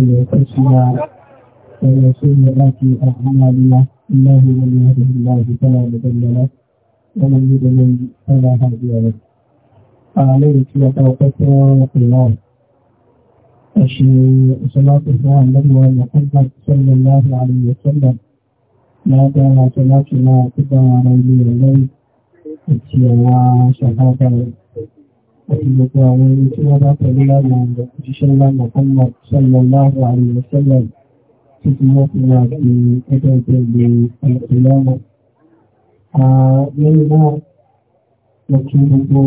أنفسنا ومن سيئات أعمالنا إنه من يهده الله فلا مضل له ومن يضلل فلا هادي له عليك وتوكلت الله أشهد صلاة الله النبي محمد صلى الله عليه وسلم لا كان صلاتنا تبع عليه الليل أتي الله صحابه àti gbogbo àwọn ẹni tí wọ́n bá tẹ̀lé lánàá rẹ̀ òṣìṣẹ́ lánàá fọ́nà sọ́nà láàrùn àríwọ̀ sọ́nà títí wọ́n fi máa fi ẹgbẹ́ ìgbẹ́ ìgbẹ́ lọ́nà. Lẹ́yìn náà, mo kí gbogbo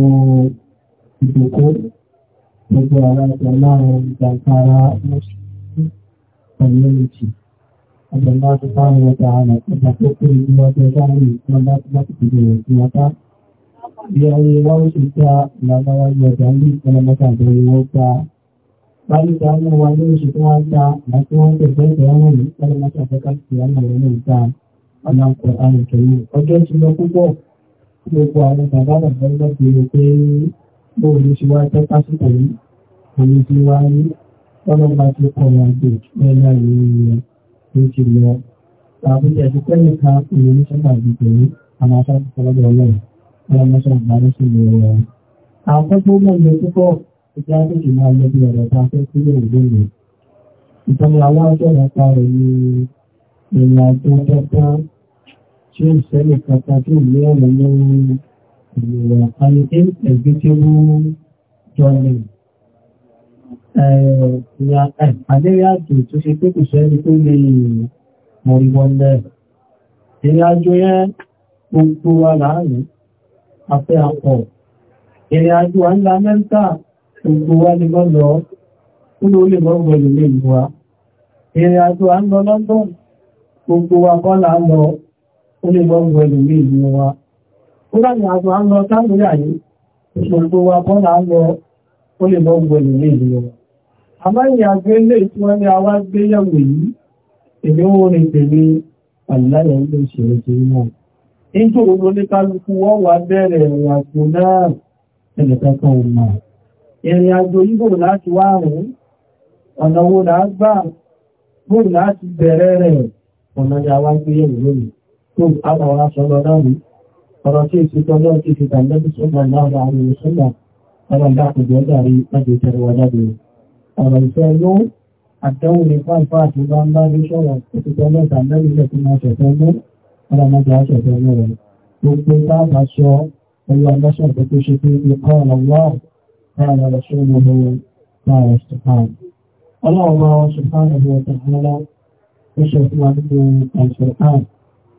ìdòkó, gbogbo ara ẹgbẹ́ láàrin ìjàǹkara community. Ọjọ́ náà ti fáwọn ọjà àrẹ̀ ìgbà tó pé ìlú ọjọ́ sáà bí ayé wọ́n ṣe ta ìlànà wáyé ọjà ní ìpínlẹ̀mọ́ta àbẹ̀rẹ̀ wọ́n ta báyíká ní wa ní oṣù tó wọ́n ta àti wọ́n tẹ̀sẹ̀ ìtẹ̀wọ́n ní ìpínlẹ̀mọ́ta àbẹ̀ká ti àwọn ọ̀rọ̀ náà ta ọ̀nà ọkọ̀ àrùn kẹ̀lú ọjọ́ ti lọ púpọ̀ gbogbo àwọn bàbá bàbá lọ sí ro pé bóòlù ṣe wá tẹ́ pásítọ̀ yìí òun ti wá ní ọlọ́gbà tó kọ̀ wọn dé lẹ́yà ìrìn rẹ̀ tó ti lọ tàbí ẹ̀sùn pẹ́ẹ́nìkan ìròyìn sábà gbogbo àwọn ọlọ́mọṣẹ́ àgbáyé sí ilé wa. Àwọn tó tó mẹ́lẹ̀ púpọ̀ ìjọ àgbègbè máa lọ bí ọ̀rọ̀ ta fẹ́ sílẹ̀ ìlú ìtọ́ni àwọn ni ìrìn àjò tọ́tán tí ó ṣẹlẹ̀ kọta tí ò ní ọ̀nà ní ìrìnà ayé ẹgbẹ́ tí ó jọlẹ̀ àdéhìá àjò tó ṣe pé kò sẹ́ni tó lè mọ̀rìnbọ̀n lẹ̀ ìrìn àjò yẹn gbogbo wa láàrin afẹ́ àpọ̀. Ìrìn àjò à ń la Amẹ́ríkà gbogbo wa ni mọ́ lọ, ó ló lè mọ́ gbọ́lù lè lù wa. Ìrìn àjò à ń lọ London, gbogbo wa kọ́ là ń lọ, ó lè mọ́ gbọ́lù lè lù wa. Ó láti àjò à ń lọ Támúrà yìí, gbogbo wa kọ́ là lọ, ó lè mọ́ gbọ́lù lè lù wa. Àmọ́ ìrìn àjò ilé tí wọ́n ní àwa gbéyàwó yìí, èmi ó rìn tèmi, àlùláyà ń lè ṣe é Ìjọ òun ní kálukú wọ́n wà bẹ̀rẹ̀ ìrìn àjò náà ẹnìkankan ọmọ. Ìrìn àjò yíbò láti wá rùn, ọ̀nà wo là gbà bó láti bẹ̀rẹ̀ rẹ̀ ọ̀nà ni a wá gbé yẹ̀wò lónìí. Tó àwọn aṣọ lọ náà rí, ọ̀rọ̀ tí èsì tó lọ́ọ̀ ti fi tàbí sọ́gbà láàrín àwọn ìṣẹ́gbà, ọ̀rọ̀ ìdákùnjẹ́ dàrí láti tẹ̀rẹ̀wọ̀ jáde. Ọ̀rọ̀ ìfẹ́ ló àtẹ́wò ní fáìfáà tó bá ń bá rí sọ̀rọ̀ tó ti tọ́lọ́ ọlọ́mọdé aṣọ̀tọ̀ rẹ̀ gbogbo táàbà sọ ẹyọ ọlọ́ṣọ̀tọ̀ tó ṣe pé ikọ́ ọlọ́wọ́ ọ̀rọ̀ ọlọ́ṣọ́ ìmọ̀lẹ́ láàrẹ̀ sùpán ọlọ́ọ̀mọ sùpán ọ̀dọ̀ ọ̀tàhánlá ó ṣe fún wa nínú àìsùpán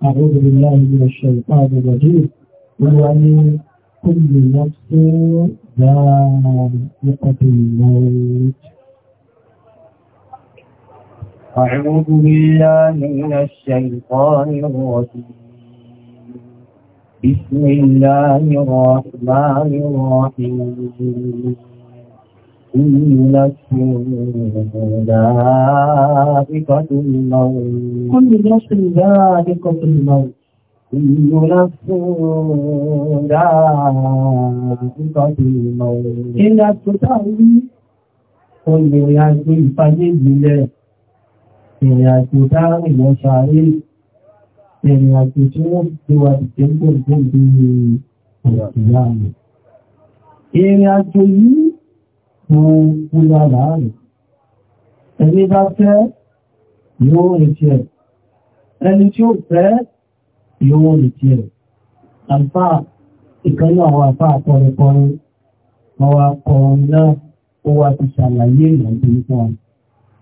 أعوذ بالله من الشيطان أعوذ بالله من الشيطان الرجيم بسم الله الرحمن الرحيم كل نفس ذائقة الموت كل نفس ذائقة الموت كل نفس ذائقة الموت إلا تتعلم كل نفس فجد له ìrìn àjò dáàrin lọ ṣàárẹ́ ìrìn àjò tí wọ́n fi wà dìtẹ́ gbọ̀ngbọ̀n bí ìrìnàjò rẹ̀. ìrìn àjò yìí wọ́n kú lára rẹ̀ ẹni bá fẹ́ yóò retí ẹ̀ ẹni tí ó fẹ́ yóò retí ẹ̀ àlfà ìkanú àwọn àfà àkọrẹkọrin wọ́n wá náà ó wá ti ṣàlàyé ìrìn nípa wọn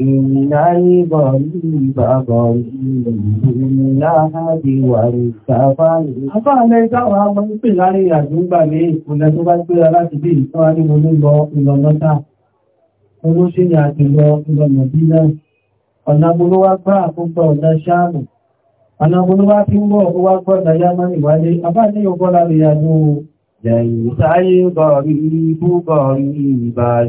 إن الغريب غريب الأحد والسفر Àfáà lẹ́ dáwà ọmọ ń pè lárí àjúgbà ní ìpínlẹ̀ tó bá gbéra láti bí ìtọ́ àríwò ní lọ ìlọ́lọ́ta. Olóṣè ni àti lọ ìlọ́nà bí náà. Ọ̀nà gbogbo gbá àkógbà ọ̀dá ṣáàmù. Ọ̀nà gbogbo tí ń bọ̀ ó wá gbọ́dá Yámánì wálé. Àfáà ní ọgbọ́ lárí àjò Jẹ̀yìn sáyé gọ̀rí ibú gọ̀rí ìbáṣ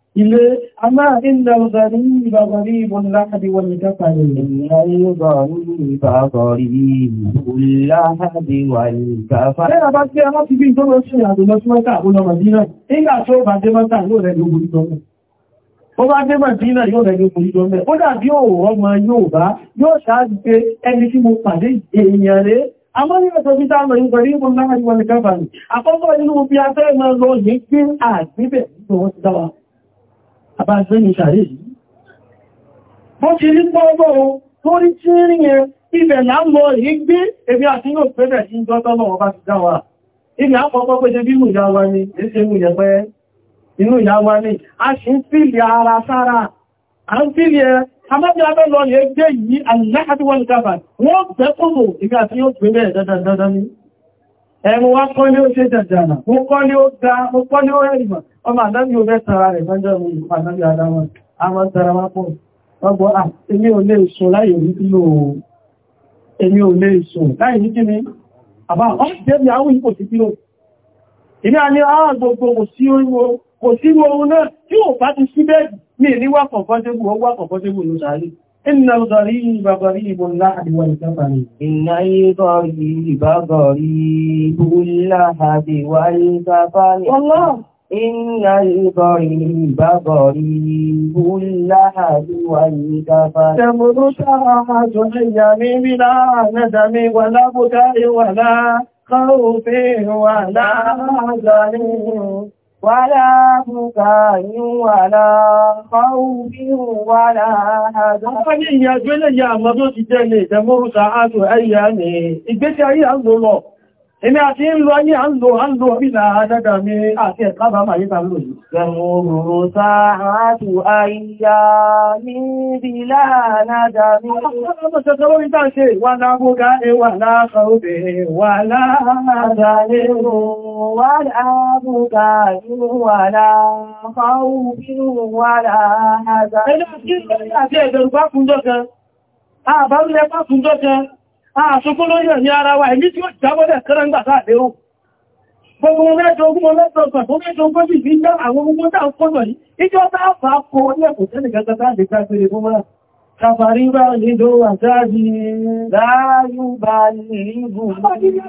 إليه أما إن الغريب غريب اللحد والكفن إن الغريب غريب اللحد والكفن Ẹ̀rọ bá tí a máa ti bí ìjọba ṣe àdó lọ sí mọ́ta àwọn ọmọ Màdínà, nígbà tó bá dé mọ́ta yóò rẹ̀ ló borí jọmẹ́. Ó bá dé Màdínà yóò rẹ̀ ló borí jọmẹ́. Ó dàbí ọmọ yóò bá yóò ṣáàgbé ẹni tí mo pàdé èèyàn rẹ̀ Àmọ́ ní ọ̀sọ̀ bí táàmà ní pẹ̀lú ìbùn láàrin wọn ní káfà ní. Àkọ́kọ́ inú àbájẹ́ ní ṣàrí yìí wọ́n ti rí pọ́ọ́bọ́ tó rí tí rí yẹn ibẹ̀ láàmọ́ rí gbé ebi àti yóò pẹ́bẹ̀ sí jọ́tọ́lọ́ ọba ti dáwà ibi àpọ̀pọ̀ pé ṣe bí mú ìyá wa ní ẹsẹ̀ mú ìyẹ̀pẹ́ inú ìyá wa ní a ṣe ń fìlì ara sára a ń fìlì ẹ amájẹ́ abẹ́ lọ lè gbé yìí aláhàtíwọ́n kábà wọ́n bẹ́ kòrò ibi àti yóò pẹ́ bẹ́ẹ̀ dandandandan ni ẹ̀rùn wa kọ́ ní ó ṣe dàdànà mo kọ́ ní ó ga mo kọ́ ní ó rẹ̀rìmọ̀ ọmọ àdájú ọmọ ẹ̀sànra rẹ̀ lọ́jọ́ mi ìpàdájú adáwọn àwọn tẹ́ra wá pọ̀ ọgbọ́ èmi ò lè sùn láyé ní kí lò èmi ò lè sùn láyé ní kí ni àbá ọ́dẹ́bì àwọn ipò sí kílò ilé a ní ààgbogbo kò sí oorun náà tí ò bá ti sí bẹ́ẹ̀ ní ìníwà kọ̀kọ́débù ọwà kọ̀kọ́débù ló sáré Inna al-gharib gharibun lahadi wa al-kafani. Inna al-gharib gharibun lahadi wa al-kafani. Wallah. إن الضريب ضريب اللحد والكفى تمر ساحة اليم بلا ندم ولا بكاء ولا خوف ولا حزن ولا بكاء ولا خوف ولا حزن Ọ̀pẹ́lẹ̀ ìyàjọ́ ilẹ̀ ìyà àmọ́ tó ti jẹ́ ní ìtẹ́mọ́rúsà áàtò ẹ̀yà ní ìgbésí ayé àgbòlọ̀. Èmi àti ń lọ ayé àń lò àń lò bílá àdádà mi àti ẹ̀ká bá máa yíta lò yìí. Gẹ̀mù òrò sáàtù àìyà ní bílá àdádà mi. Ọmọ ṣẹ̀ṣẹ̀ lórí tàà ṣe wà lágbógá ẹwà e láàkọ̀ọ́bẹ̀ wà láàdàlẹ́ wà láàbùgá wà láàkọ̀ọ́bẹ̀ wà láàdàlẹ́ àṣùkú ah, ló yẹ̀ ní ara wa ìlú tí ó jábọ́dẹ̀ kẹrẹ ńgbà sáàdé ó gbogbo mẹ́jọ ogún ọlọ́pọ̀ọ̀pọ̀ tó mẹ́jọ ogún sí fi ń dá àwọn ogun tàà kọ́lọ̀ yìí ìjọ bá fà á kọ ní ẹ̀kùn tẹ́lẹ̀ gẹ́gẹ́ sáàdé káàkiri fún mọ́ra kàfàrí bá nílò àjáàjì láàáyú bá nílò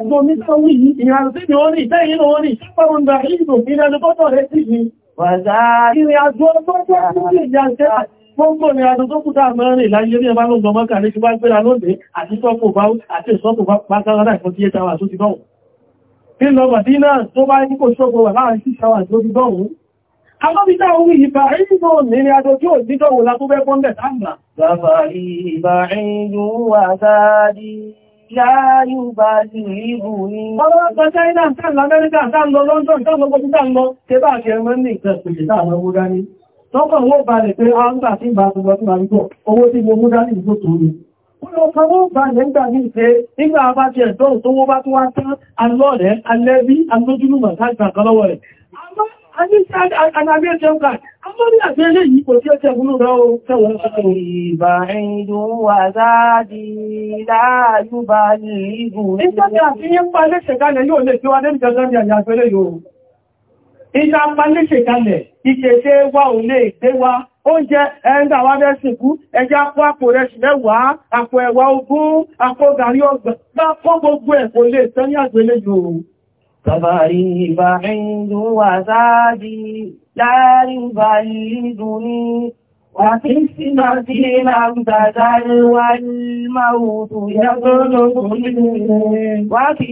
ìgbò mísọ́wí ìyàrá sí ni ó rí ìtẹ́yìn ó rí ṣípàrún gbà ìgbò mílẹ̀ Gbogbo ni adùn tó kúta mẹ́rin láyé ní ẹbá lọ́gbọ̀n mọ́kà ní ṣíwá gbéra lónìí àti sọ́pù bá àti ìsọ́pù tí é tàwà tó ti bọ́wọ̀. Kí lọ Màdínà tó bá ní kò ṣọ́pù wà láàrin sí ṣàwà tó ti bọ́wọ̀. Alọ́bítà orí ìbà ìrìnà ní ni adùn tí ò ní dọ́wọ̀ la bẹ́ bọ́ndẹ̀ tàbà. Bàbá ìbà ìrìnà wà sáàdì bá sí ìbù ní. Ọlọ́pàá China, Amẹ́ríkà, London, London, London, London, London, London, Tọ́pọ̀ wọ́n balẹ̀ pé a ń gbà tí ń bá tún lọ sí owó tí mo dání ìgbò tó rí. Wọ́n lọ kan wọ́n balẹ̀ ń ní ìfẹ́ nígbà bá ti ẹ̀dọ́rùn tó wọ́n bá tún wá tán alọ́rẹ̀, alẹ́bí, alójúlùmọ̀ káàkiri ìta palẹ́ṣẹ̀ kalẹ̀ ìkẹ̀ṣẹ́ wà ò lè gbé wa oúnjẹ ẹ̀ndà wá bẹ́ sìnkú ẹjá kó àpò rẹ̀ sí mẹ́wàá àpò ẹ̀wà ogún àpò gàrí ọgbà bá kọ́ gbogbo ẹ̀ kò lè tán ní àgbélé yòó وقس في الأمدد والموت يطلبني وقس في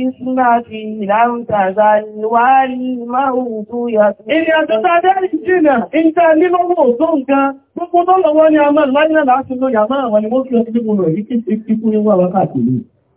الأمدد والموت يطلبني إن يتتدى الجنة إن كان لنمو ذنكا Gbogbo tó lọ wọ́n ni a máa láìlẹ́ láti lóyà máa wọ́n ni mọ́ kí ọ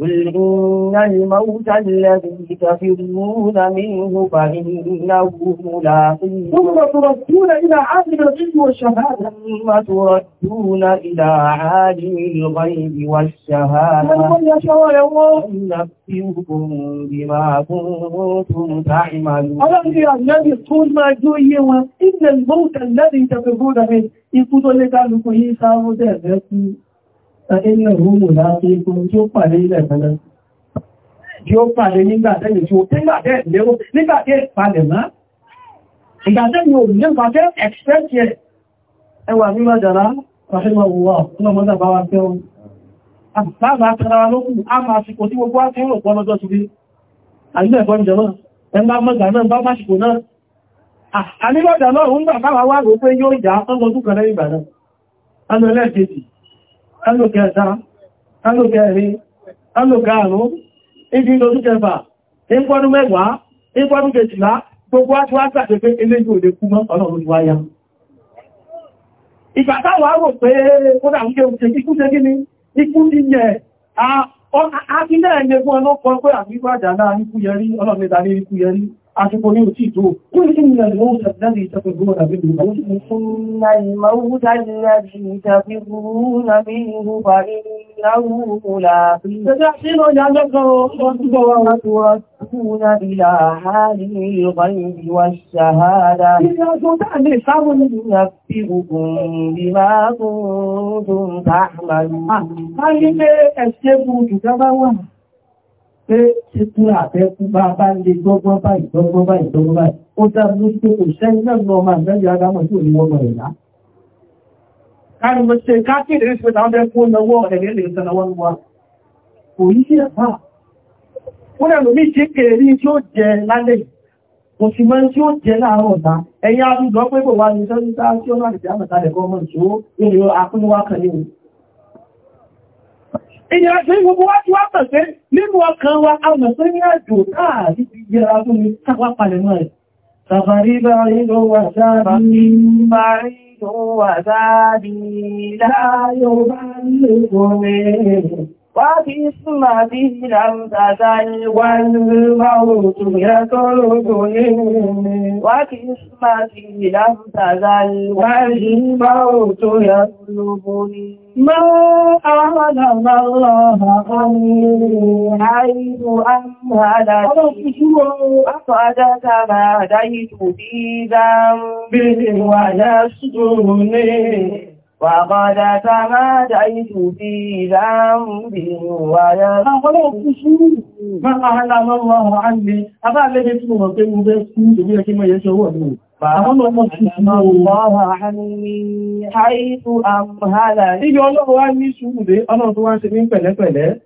قل إن الموت الذي تفرون منه فإنه ملاقيه ثم تردون إلى عالم الغيب والشهادة ثم تردون إلى عالم الغيب والشهادة ينبئكم بما كنتم تعملون ألم الذي قل ما جوي إن الموت الذي تفرون منه يقول لك أنه يسامو ذلك ẹ̀yìn rúmù láti ikú tí ó pàdé ilẹ̀ ìpẹ́lẹ̀ tí ó pàdé nígbàtẹ́yìn tí ó tẹ́gbàtẹ́ lérò nígbàtẹ́ palẹ̀ máa ìgbàtẹ́yìn òun nígbàtẹ́ ẹ̀kṣẹ́kì ẹwà mímọ̀ jàrá pàṣẹ́wà Àníbọ̀dà náà ń gbà káwàá wà rò pé yóò jà ọmọdún kan lẹ́yìn ìgbà náà. Ọmọ ẹlẹ́ẹ̀kejì, alókẹta alókẹrin alókẹrún ibi lórí kẹfà ìpọ́dún mẹ́wàá ìpọ́dún kejìlá gbogbo wá sàtẹ pé eléjì òde kú mọ́ ọlọ́run ti wáyá ìgbàtàwà rò pé ń gé oúnjẹ ikú ni ikú ti yẹ náà fún ọlọ́pọ̀ pé àmì náà ikú ní ikú أشكوني وتيتو قل إن الموت الذي تفرون منه إن الموت الذي تفرون منه فإنه ملاقي تتحسن لك وتردون إلى عالم الغيب والشهادة ينبئكم بما كنتم تعملون pé tíkúrà àfẹ́kú bá bá lè gbọ́gbọ́n báyìí gbọ́gbọ́n báyìí gbọ́gbọ́n báyìí ó dábí pé kò sẹ́yìn náà lọ máa mẹ́rin adámọ̀ tí ò ní wọ́n mọ̀rẹ̀ lá. káàrí mo ṣe káàkiri rí pé táwọn bẹ́ẹ̀ kó lọ́wọ́ ẹ̀rẹ́ lè sọ lọ́wọ́ wa kò yí sí ẹ̀fà wọ́n lẹ́nu mi ṣe kèrè tí ó jẹ lálẹ́ kò sì mọ́ tí ó jẹ láàárọ̀ ọ̀tá ẹ̀yà àdúgbò pé kò ní sọ́dún tí ó máa lè jẹ́ àmọ̀tálẹ̀ tí ó ń lo kan nínú ìyẹra tó ní gbogbo wá tí wá pẹ̀sẹ̀ nínú ọkàn wa àmà tó ní àjò káàrí ìyẹra tó ní sáwá palẹ̀mọ́ rẹ̀ sàfàrí bá ìlò wà sáàbí bá ìlò wà sáàbí láyọ̀ bá ń lè وباسمه لم تزل والموت يطردني وباسمه لم تزل والموت يطلبني ما أعلم الله عني حيث أمهلتي أصعدك ما ديت في ذنبه ونسجني وقد تماديت في ذنبي ويغفر الله عني أبا الذي تقول في مبسوط بك ما يشهد فأمر الله عني حيث أمهل Ibi ọlọ́run wá ní ṣúgbùdé, ọlọ́run tó wá ṣe ní pẹ̀lẹ́pẹ̀lẹ́,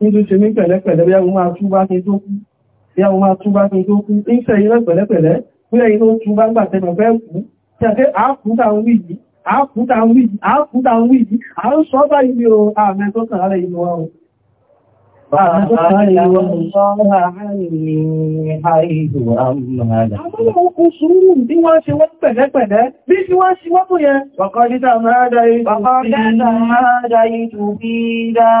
ní tó ṣe ní pẹ̀lẹ́pẹ̀lẹ́ bí àwọn máa túbá kí tó kú, bí àwọn máa túbá kí tó kú, ń ṣe ilẹ́ pẹ̀lẹ́pẹ̀lẹ́, bí ẹ̀yìn tó túbá gbà tẹ́mọ̀ fẹ́ kú, tẹ́ àápùtà ń wí àápùtà ń sọ bá ibi o àmẹ́ tó kàn rẹ̀ wa o Àwọn ọkùn sùúrù bí wọ́n ṣe wọ́n pẹ̀lẹ́pẹ̀lẹ́ bí ṣe wọ́n ṣe wọ́n tó yẹn. Bàkọ́ dídá máa dáyé tó bí dáa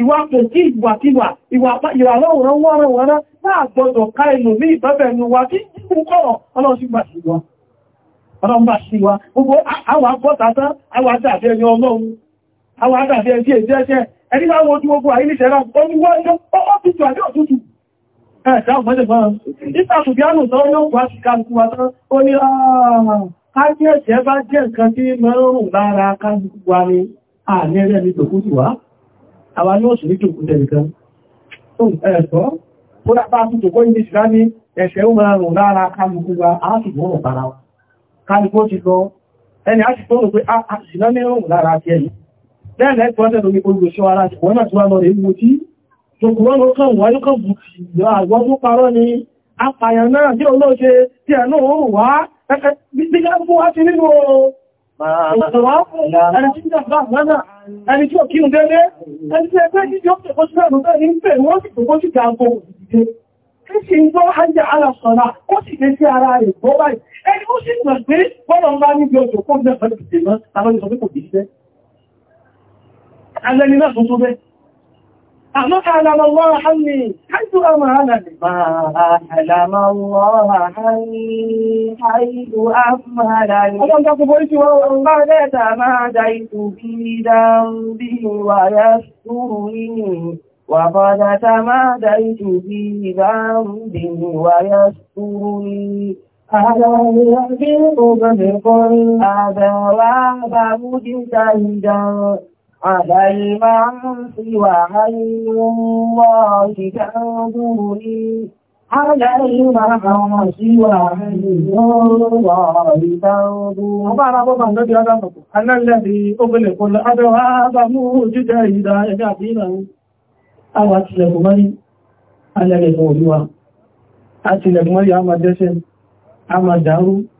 ìwà pòkí ìwàkíwà ìwàlọ́wọ̀rán wọ́rọ̀wọ́rán náà gbọdọ̀ ká ẹnu ní ìbẹ́bẹ̀ ẹnu wa kí jíkú kọ́rọ̀ ọlọ́run bá sí wa gbogbo àwọn agbọ́tàtà àwọn àdàbí ẹni ọlọ́run àwọn àdàbí ẹni ẹjẹ́ ẹni láwọn ojú gbogbo àìlìṣẹ́ra ọdúnwọ́ ẹjọ́ ọ́pítù àjọ́ òtútù ẹ̀ẹ̀dá ọmọdébọn ìtàṣùgbìánù tọ́rọ wá sí kálùkù wa tán ó ní ààrùn ah, ká jẹ́ ẹ̀ṣẹ́ bá jẹ́ nǹkan tí mẹ́rùn-ún lára kálùkù wa ni ààrẹ rẹ̀ ní tòkútù wá àwọn yóò sì nítò kú tẹ̀lẹ̀kan ẹ̀ẹ̀kọ́ ó dápá tútù kó ní ìsìlá ní ẹ̀ṣẹ̀ ó máa rùn lára kálukú wa áàtùgbọ́n ọ̀pára kálukú ti lọ ẹni áàtùgbọ́n rò pé àṣìlá ní rùn lára ti ẹ̀yìn lẹ́ẹ̀lẹ́ pọ́tẹ̀ lórí olùṣọ́ ara ti wọ́n náà tí wá lọ rẹ̀ mú tí tòkùnrọ́ ló kàn wáyé kàn bù ìlú àgbọ́n tó parọ́ ni apàyàn náà tí olóòṣe tí ẹ̀ náà Ẹni tí ó kí ń délé, ẹni tí ẹgbẹ́ jíjọ ọ̀pẹ̀ kó sílẹ̀ lọ́dọ́ ní pẹ̀ wọ́n sì tó kó sì Kí sì ń gbọ́ ajá ara sọ̀rọ̀, ó sì lé sí ara rẹ̀ gbọ́ báyìí. Ẹni ó sì mọ̀ pé أما أعلم الله عني حيث أمهلني ما أعلم الله عني حيث أمهلني ألم تقبلت وأنبعد تماديت في ذنبي ويسترني وقد تماديت في ذنبي ويسترني ألا يحبط بكل أبواب مجتهدا على المعاصي وعين الله تنظري على المعاصي وعين الله تنظري أنا الذي أغلق الأبواب مجتهدا يقينا أواتله مري أنا لغولوا أتلك مري أما دسم أما دارو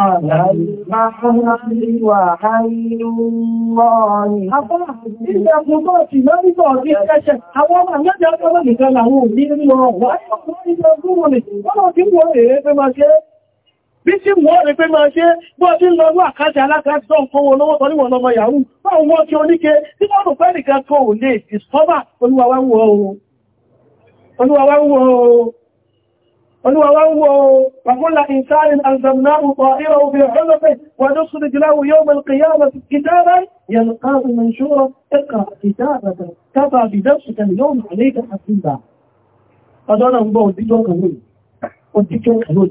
على البحر وحي الله Ìjẹ́ àpòkọ́ ti lórí bọ̀ ní ẹ̀ṣẹ̀, àwọn ọmọ ìyájẹ́ ọjọ́ nìkan làwọn òní ń lọ wà ní ọmọ ونوروه وكل إنسان ألزمناه طائره في حلقه ونخرج له يوم القيامة كتابا يلقاه منشورا اقرأ كتابك كفى بنفسك اليوم عليك حسيبا أدانا الله وديتو كنون وديتو كنون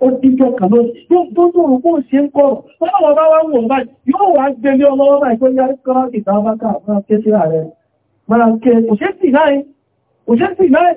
وديتو كنون يبدو ربو سينكور فأنا بابا ومباج يو عجب لي الله ما يقول يا اقرأ كتابك ما كتير عليه ما كتير وشفتي ناي وشفتي ناي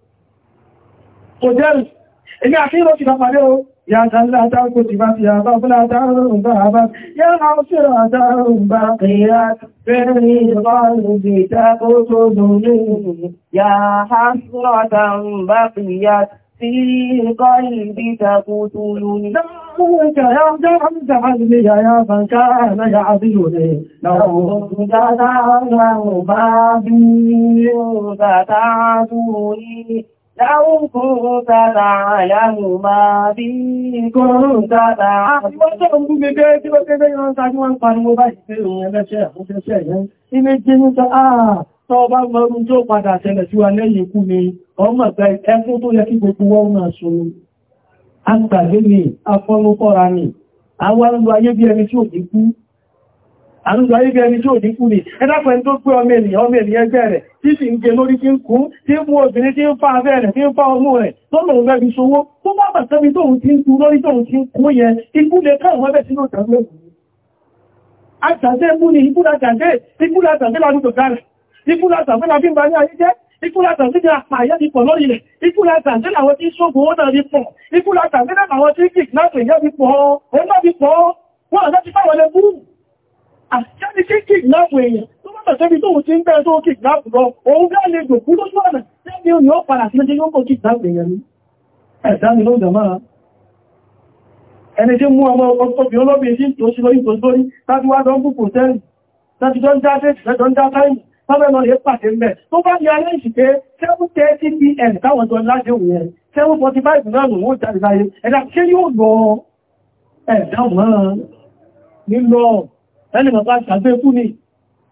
kò jẹ́rì èmi àkíyàn ti kàpàdé o ya ṣàlá àtàkò ti bá ti àbá fúnlá àtàrùn bá àbá ya máa ń fèrò àtàrùn bá kìíyà fẹ́rin ìrọ̀lù bí ìtàkó tó lórí ya ṣàlá àtàrùn bá kìíyà في قلبي تقتلني دمك يا دم عزمي لو كنت تعلم tó padà ṣẹlẹ̀ tí wà lẹ́yìn ikú ni, ọmọ ìgbà ẹkún tó yẹ kí gbogbo wọ́n náà ṣòro. A gbàgbé ni, afọ́nú kọ́ra ni, àwọn arúgbó ayé bí ẹni tí ò dínkú, àrùgbà ibi ẹni tí ò ní kú ní ẹ̀dàpẹ̀ tó gbé ọmọ ènìyàn ọmọ ènìyàn ẹgbẹ́ rẹ̀ tí sì ń gẹ lórí tí ń kú tí ń mú obìnrin tí ń fa abẹ́ rẹ̀ tí ń fa ọmọ rẹ̀ lọ́nà òun lẹ́bi ṣowó tó bá bàtẹ́bi tóun ti ń kú lórí tóun ti ń kú yẹn Ikúlàtà sí àpá àyẹ́ ti pọ̀ lórí ilẹ̀. Ikúlàtà sí àwọn tí ṣógun ó náà rí pọ̀. Ikúlàtà sí àwọn tí kìkì náà pè ti pọ̀ Ó náà ti pọ̀ Wọ́n àjọ́ ti fáwọn ẹgbùrù àjáde ẹni tí mú ọmọ obìnrin olóbìnrin tí tó sí lórí tó sórí láti wá dán bùkù tẹ́rì láti dán dá tẹ́sì lẹ́dán dá táìmù sábẹ́ lè pàtẹ́ mẹ́ tó bá ní alẹ́ ìṣìké 7:30 pm táwọn jọ lájẹ́ òun yẹn 7:45 náà ẹni bàbá ṣàgbékú ni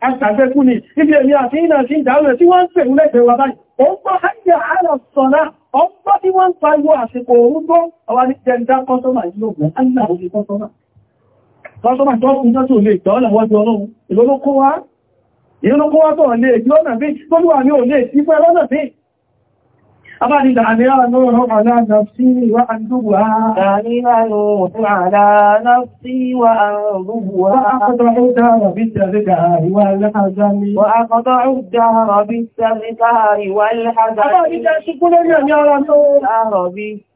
aṣàgbékú ni ibi èmi àti ìnà sí ìdáwẹ̀ tí wọ́n ń pè lẹ́gbẹ̀ẹ́ wa báyìí ó ń gbọ́ hajjá àrọ̀ sọ̀rá ó ń gbọ́ tí wọ́n ń pariwo àsìkò òun tó àwọn ní jẹ́ndá kọ́sọ́mà ìlú ògùn ánà òun kọ́sọ́mà kọ́sọ́mà tó kún tó lè tọ́ lọ́wọ́ ju ọlọ́run ìlú olókó wá tọ̀ lè yọ́nà bí أبعد العميان نور على نفسي وأنذبها ثانيها نور على نفسي وأنذبها وأقطع الدهر بالتذكار والحزن وأقطع الدهر بالتذكار والحزن أبعد أشكل العميان نور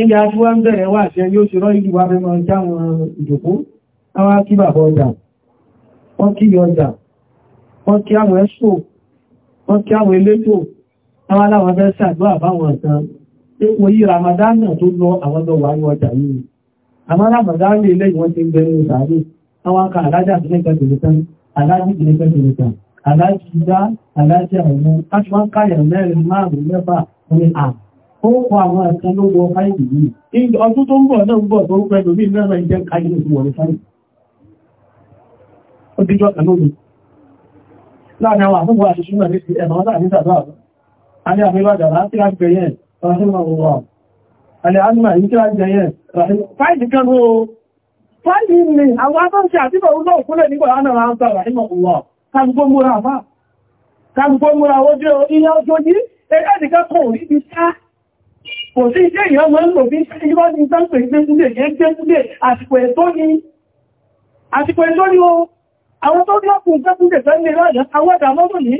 ilẹ̀ afúwá ń bẹ̀rẹ̀ wà ṣe yóò ṣe rọ́ ìlú wa fẹ́ mọ́ jáwọn ìjòkó àwọn kí bàbá ọjà wọ́n kí yọ ọjà wọ́n kí àwọn ẹ́ṣò wọ́n kí àwọn elétò àwọn aláwọn fẹ́ sàgbọ́ àbáwọn ọ̀tán ipò yí ramadana tó lọ àwọn lọ wà ní ọjà yìí àmọ́ ramadana ilé ìwọ́n ti ń bẹ̀rẹ̀ ìsàárè àwọn kan alájà tó lẹ́gbẹ̀ẹ́ tó lẹ́tàn káyà mẹ́rin márùn mẹ́fà ní àmì ó àwọn ẹ̀kan ló wọ fáìlì yìí ìgbà ọdún tó ń bọ̀ náà ń bọ̀ tó ń pẹ́ lórí mẹ́rin ìjẹ́ káyínú fún wọ̀n fáìlì ó díjọ́ kanómi láàrin àwọn àfúgbà àṣìṣú náà ẹ̀mọ́ láàrin sàdọ́ àwọn alẹ́ àmìbàdà láti láti bẹ̀yẹn rahimahullah alẹ́ àmìbà yìí tí láti bẹ̀yẹn fáìlì kan ó fáìlì ni àwọn afẹ́ṣẹ́ àti bọ̀ oúnjẹ òkúnlẹ̀ nígbà ánàrà ń sọ rahimahullah káàkó múra àfá káàkó múra ó jẹ́ ilé ọjọ́ yìí ẹgbẹ́ nìkan kò rí bí sáà kò sí iṣẹ́ ìyàn mọ́ ń lò bí ìwọ́n ti tán pè gbẹ́gbẹ́ gbẹ́gbẹ́ àsìkò ẹ̀tọ́ ni àsìkò ẹ̀tọ́ ni o àwọn tó lọ́pùn gbẹ́gbẹ́ gbẹ́gbẹ́ lọ́dọ̀ àwọn ìdàmọ́bù ní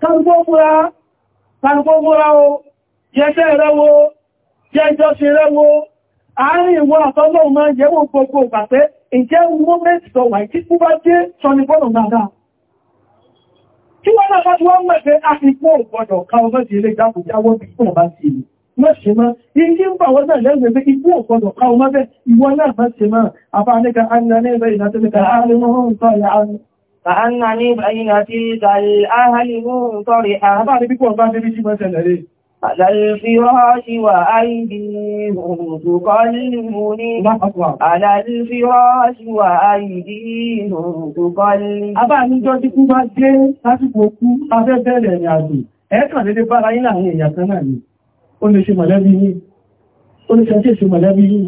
kàrùkọ́ múra o yẹ́ṣẹ́ rẹ wo yẹ́jọ́ ṣe rẹ wo àárín ìwọ àtọ́lọ́ máa yẹ̀wò gbogbo ìgbàpẹ́ ìjẹ́ mọ́mẹ́tì tó wà tí kú bá dé sọ́nibọ́nà dáadáa tí wọ́n náà bá tí wọ́n mẹ́ pé àfikún ògbọ́dọ̀ ká ọmọ́dé ilé ìjábùjáwọ́ bí fún ọba sí ilé mọ́ṣe máa ilé ń bà wọ́n náà lẹ́gbẹ̀ẹ́ pé igbó ọ̀pọ̀lọ̀ káwọn mọ́bẹ̀ ìwọ náà mọ́ṣe máa àbáníkà annanẹ́bẹ̀ ìlàtíkà ààrùn-ún tọ́ ìhàrùn فأنني بأينتك الأهل منطرحا على الفراش وأيديهم تكلمني على الفراش وأيديهم تكلمني Àbá ní jọ tí kú bá jẹ́ lásìkò kú afẹ́fẹ́ lẹ̀ ni ó lè ṣe mọ̀lẹ́bí yìí ó lè ṣe ṣe mọ̀lẹ́bí yìí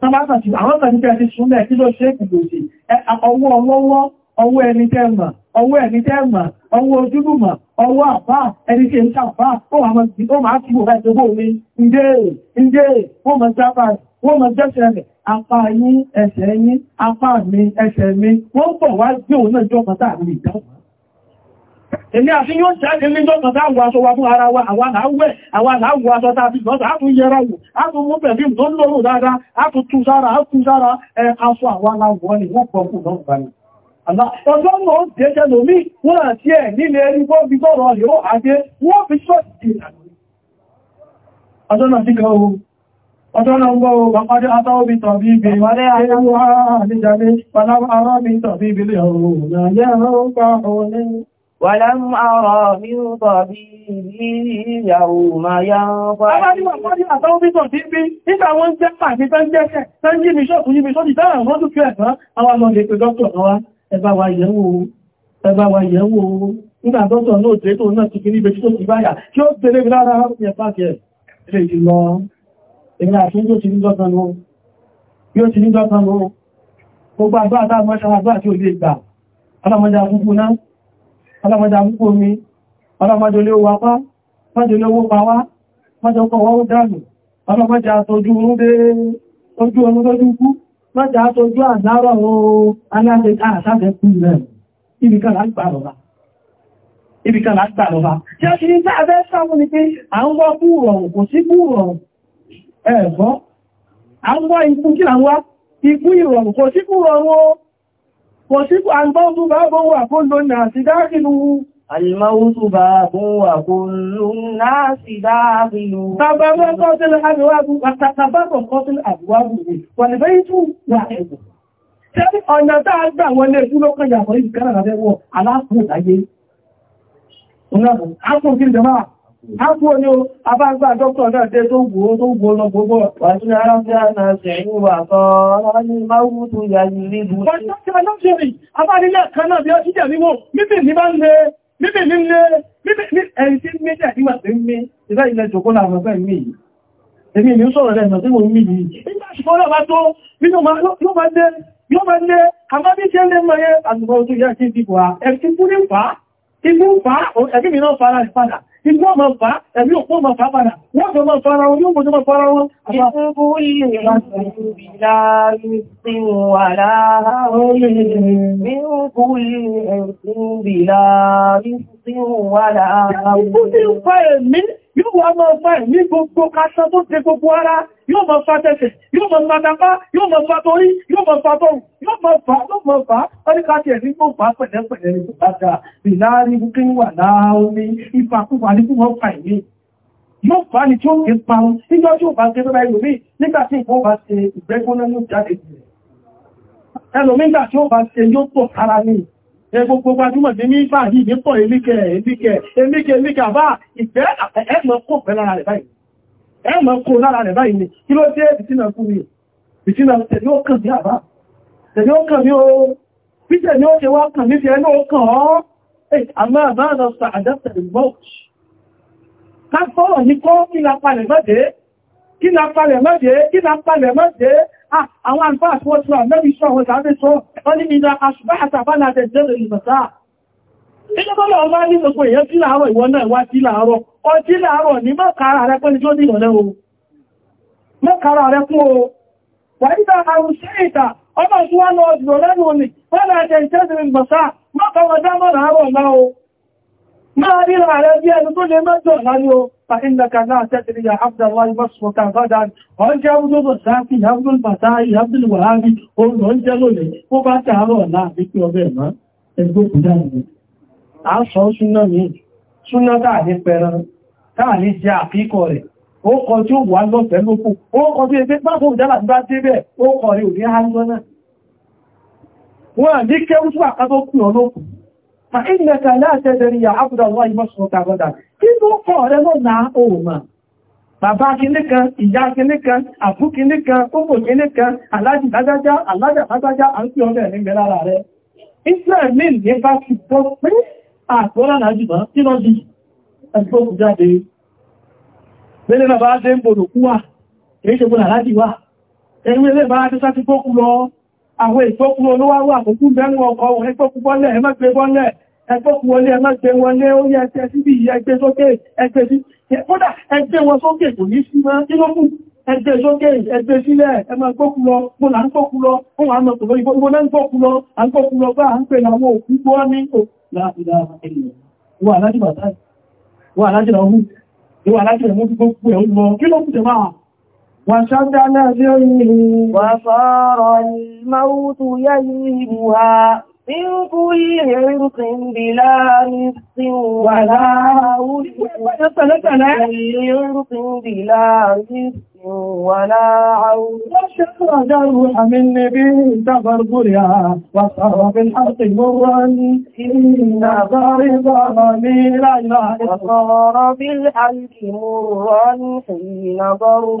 tọ́bátàtì àwọn kan tẹ́ ti súnmẹ́ kí ló ṣe kìlò sí ọwọ́ ọlọ́wọ́ ọwọ́ ẹni tẹ́mà ọwọ́ ẹni tẹ́mà ọwọ́ ojúlùmọ̀ ọwọ́ àpá ẹni tí ń sàpá ó ti wọ́n ẹgbẹ́ Èmi àti yóò jáde ní jọ́kàn tá àwọn aṣọ wa fún ara wa, àwọn na àwọn àwọ̀ aṣọ tá àti gọ́ọ̀sà, àtún yẹra wò, mú tó lóòrò dáadáa, àtún tún sára, sára, ẹ aṣọ àwọn aláwọ̀ ni wọ́n pọ̀ náà ولم أرى من طبيبي يوم ينفع Nígbà wọ́n jẹ́ pàtí tán jẹ́ṣẹ́, tán jí mi ṣọ́kù yí mi ṣọ́dì dára wọ́n tó kí ẹ̀sán, àwọn ọmọ lè pè dọ́kọ̀ ọwá, ẹ bá wa yẹ̀wò, ẹ bá wa yẹ̀wò, nígbà dọ́kọ̀ náà tẹ́ tó náà ti kí ní ibẹ̀ tó ti báyà, kí ó tẹ́lé mi lára rẹ̀ pàtẹ́ rẹ̀ jù lọ, èmi àti yóò ti ní dọ́kan lọ, yóò ti ní dọ́kan lọ, gbogbo àgbà àtàgbà ṣàgbà àti òye ìgbà, ọlọ́mọdé agúgbó náà, ọlọ́mọdé àmúkò mi ọlọ́mọdé olówó apá mọ́jọ olówó pàwá mọ́jọ kọwọ́ ó dánù ọlọ́mọdé àtọ́jú oorun lójú kú mọ́jọ àtọ́jú àzárọ̀ ibìkan láti àlọ́bá tí ó ti ní tí a fẹ́ sáwọn ní pé à ń wọ́ búrọ̀rùn kò sí búrọ̀rùn ẹ̀ẹ̀kọ́ à ń wọ́ ikú kí àwọn ikú ìrọ̀rùn kò sí búrọ̀rùn Wọ̀síkò àgbọ́gbù bá bọ́ wà fún lónà àti dákìlú. Àlìmáwútù bá bọ́ wà fún lónà àti dákìlú. Tàbá mọ́ kọ́tílẹ̀ àbúwábù, tàbá mọ́ kọ́tílẹ̀ àbúwábù wà ní bẹ́ ìtù wà ẹ̀bù. Ṣé ọ̀nà táa gbà wọlé ìfúnlọ́ kan yà fọ́ ìfẹ́ Hápò ni ó, abágbà dọ́kọ̀ náà dé tó gbòó tó gbòó lọ gbogbo wà ní ara ń dá náà sẹ̀yìn wà kan ọ̀rọ̀ ní máwú tó yà ní lébu. Wọ́n tó kí ọlọ́sẹ̀rì, abárílẹ̀ kan náà bí ó títẹ̀ níwò, mípì ní bá ń lé, mípì ní lé, mípì ní ẹ̀rí tí méjì àdíwà pé ń mé, ìfẹ́ ilẹ̀ jòkó láàrín ọgbẹ́ mi yìí. Èmi ni ó sọ̀rọ̀ rẹ̀ ìmọ̀ tí mo ń mí yìí. Nígbà ṣùgbọ́n náà bá tó, nínú yóò máa lé, yóò máa lé, àmọ́ bí ṣe ń lé mọ́ yẹ àtùgbọ́ ojú ìyá sí ìdìbò à, ẹ̀kí fún ní fàá, ìfún fàá, ẹ̀kí mi náà fara ìpadà. Ibi ọmọ fà ẹ̀bí òpó ọmọ fà padà, wọ́n tó máa fara wọn, yóò mọ́ tó fara wọn. Ìgbogbo yóò wá máa fà ẹ̀ ní gbogbo kásá tó tẹ gbogbo ara yóò máa fà tẹ́sẹ̀ yóò máa fà tapá yóò máa fà torí yóò máa fà tọrù yóò máa fà yóò máa fà ọ́nìkàtì ẹ̀ nígbò fà pẹ̀lẹ́pẹ̀lẹ́ rẹ̀ padà ìlárí wípé wà láàámi ìfàkúfà ní fún wọn fà ìlú yóò fà ní tí ó ń pa ohun nígbà tí ó bá gẹ́gẹ́ bá ìlú mi nígbà tí ìfọ́ bá ṣe ìgbẹ́gbóná ní jáde ẹlòmígbà tí ó bá ṣe yóò tó ara ní ẹ gbogbo gbajúmọ̀ sí ní bá yìí nípọ̀ elíkẹ̀ elíkẹ̀ elíkẹ̀ elíkẹ̀ àbá ìfẹ́ ẹ̀mọ̀ kò pẹ́ lára rẹ̀ báyìí ẹ̀mọ̀ kò lára rẹ̀ báyìí ni kí ló jẹ́ ìtìnà fún mi ìtìnà tẹ̀lé ó kàn sí àbá tẹ̀lé ó kàn mí o bí tẹ̀lé ó ṣe wá kàn mí fi ẹnu ó kàn ọ́ àmọ́ àbá lọ sọ àdẹ́sẹ̀ ìgbọ́ọ̀ṣ ká fọ́rọ̀ ní kọ́ kí la palẹ̀ mọ́dé kí la palẹ̀ mọ́dé kí la palẹ̀ mọ́dé àwọn àǹfàà tí wọ́n tí wọ́n mẹ́bí ṣọ́ wọ́n tàbí tó wọ́n ní ìdá aṣùgbáhàtà láti ẹ̀dẹ́rẹ̀ ìbẹ̀ta ìjọbọ́lọ̀ ọmọ ní gbogbo èèyàn sí láàárọ̀ ìwọ náà wá sí láàárọ̀ láàárọ̀ ní mọ́kàrà máa ríra rẹ̀ bí ẹni tó lè mẹ́jọ láni o fa'índaka náà tẹ́tìrí ya abdallá ibọ́sùwọ́ta fádà ọjọ́ abúdó sáfí abdul batayi abdul wahabi oòrùn oúnjẹ lónìí ó bá tààrọ̀ náà bí kí ọbẹ̀ ẹ̀mọ́ ẹgbókù dáadé a sọ súnná mi súnná táà ní pẹran táà ní jẹ àkíkọ rẹ̀ ó kọ tí ó wà lọ́fẹ̀ẹ́ lókù ó kọ tí ẹgbẹ́ pápọ̀ ìdálà bá débẹ̀ ó kọ rí òní hánjọ́ náà wọ́n ní kẹ́rù tó àkátó kù فإنك لا تدري يا عبد الله مصرك غدا كيفو قارن نا اوما bàbá kìíní kan ìyá kìíní kan àbú kìíní kan kókò kìíní kan aláàjì dájájá aláàjì dájájá à ń pè ọdẹ ní gbẹ́lára rẹ̀ israel ní ní bá ti bọ́ pé àtọ́lá náà jùmọ́ tí lọ bí ẹgbókù jáde bẹ́lẹ̀ bàbá dé ń bòrò kúwà kìí ṣe bó àwọn ìtọ́kù olówáwà àkókù bẹ́rún ọkọ̀ ẹgbọ́kù bọ́lẹ̀ ẹmọ́gbẹ́ bọ́lẹ̀ ẹgbọ́kù wọlé ẹmọ́gbẹ́ wọlé ó yẹ ẹgbẹ́ síbí ẹgbẹ́ sókè ẹgbẹ́ sí kódà ẹgbẹ́ wọn sókè kò ní sí máa kílókù ẹgbẹ́ sókè ẹgbẹ́ sílẹ̀ ẹmọ́ gbọ́kù lọ mo là ń gbọ́kù lọ fún àwọn ọmọ ìbò náà ń gbọ́kù lọ à ń gbọ́kù lọ bá à ń pè láwọn òkú gbọ́ ní wà láti bàtà wà láti rọ̀ mú ìwà láti rọ̀ mú gbogbo ẹ̀ ń lọ kílókù وشد نذره وصار الموت يهيبها من كل عرق بلا رزق ولا هول كل عرق بلا رزق ولا عون وشهر جرح من نبي تبربرها وصار بالحق مرا إن ضرب ضمير وصار بالحق مرا حين ضرب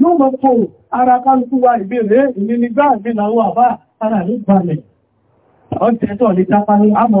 yóò mọ̀ ara kálukú wa ìbéèrè ìlinigbá ìbínàwó àbá ara ní balẹ̀ ọjẹ́ tọ́ ní ní ọmọ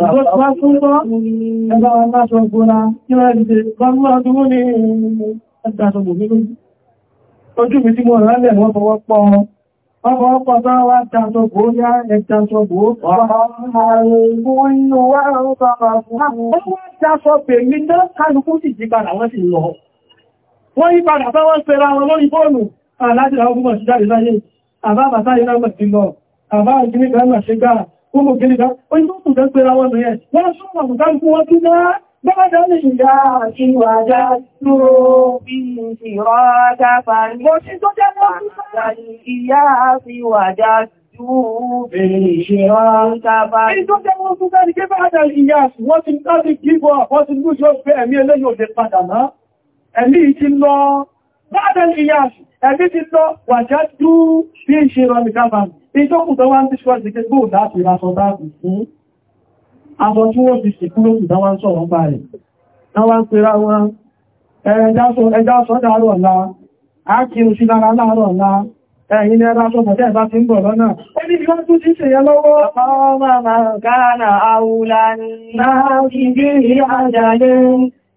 Ìjọba fún bọ́, ẹgbà wọn láṣọ gbọ́ra, kí wọ́n rí ṣe, bá mú àdúgbò ní ẹgbà ṣọgbò mi lójú. Ojú mi tí mo rálẹ̀ wọ́n fọwọ́ pọ̀ wọn. Wọ́n fọwọ́ pọ̀ bá wá jàṣọgbò yá ẹjàṣọgbò. Wọ́n yí padà bá wọ́n pẹ̀lú àwọn lórí fóònù, àlájìlá ogun mọ̀ sí gbogbo gini ga oyin tó kùn gẹ́gbẹ́ ra wọ́n yẹn wọ́n ṣọ́ àwọn ọ̀gá ikú wọ́n tún náà Bọ́ọ̀dá lè yá ìwàdá dúró bí ìrọ́dá parí. Mo ṣe tó jẹ́ lọ́pùpá ìyá fi wàdá dúró bí ìrọ́dá parí. Èyí tó jẹ́ lọ́pùpá ní kí bá dá ìyá wọ́n ti ń tàbí gígbọ́, wọ́n ti lú Báadẹ́ ìyáṣì, ẹ̀bí ti lọ wà já jú bí i ṣe rọrùn káfà. Ìjọ́kù wá ń tíṣọ́ sí kí gbóò láti raṣọ fún. Aṣọ tí wọ́n ti sì kúrò ìdá sọ̀rọ̀ pa rẹ̀. Wọ́n wá ń a kìí sí lára láàrọ̀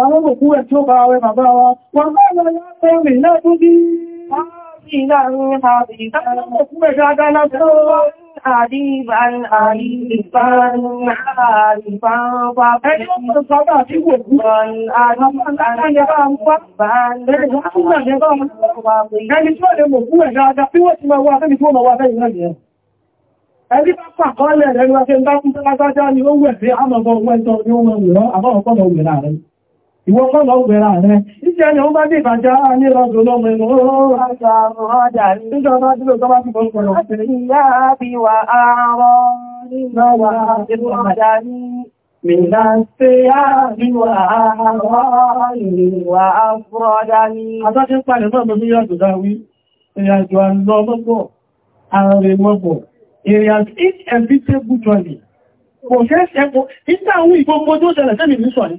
àwọn òkú ẹ̀ tí ó bá wẹ bàbá wa wọ́n bá lọ yá pẹ̀lú láti bí i láàrin àbí ìdájọ́ òkú ẹ̀ dáadáa lásọ́wọ́ àdíbàn àríbàn àríbàn wà pẹ̀lú ọ̀pọ̀lọpọ̀ àti òkú àríbàn Ẹni bá pàkọ́lẹ̀ rẹ̀ lọ́fẹ́ bá ń tọ́lágbájá ni ó wẹ̀ sí àmọ̀gbọ̀n wẹ́ntọ́ ni ó mọ̀ wùrán àbọ̀ Ìwọ mọ́lọ ògbèrà rẹ̀, iṣẹ́ ni ó bá dé ìbàjá ní ọdún lọ́mọ ẹnu oòrùn àti àrùn ọjà rí. Ìjọba dúró tọ́bá ti bọ́ ìpọ̀lọ̀. Àti ìyá bí wà àárọ̀ nínú wà àrùn ọjà rí. Mìlá ṣe yá bí wà àárọ̀ ìlú wà àrùn ọjà rí. Àtọ́jú pàdé mọ́ mọ́ bí yàtọ̀ dáwí, ìrìnàjò àlọ́ mọ́pọ̀, àrẹ̀ mọ́pọ̀, ìrìnàjò inevitable journey. Kò ṣeé ṣe kò, ìtàwọn ìgbogbo tó ṣẹlẹ̀ sẹ́mi ní sọ ni.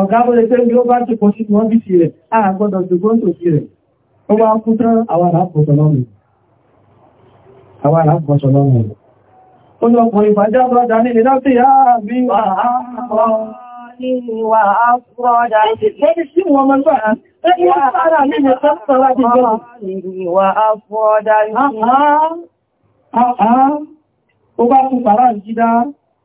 ọ̀gá bó lè tẹ́lú ó bá ti kọ sí wọ́n bí sí rẹ̀ àà gbọ́dọ̀ tó gbọ́n tó sí rẹ̀ ó wá kú tán àwọn àrápọ̀sọ̀ lọ́rùn ó ní ọkùnrin fàájá bá dání lè láti yá bí wà á pọ̀ ní wà á pọ̀ dáadé lẹ́bí sí wọn mọ́ gbà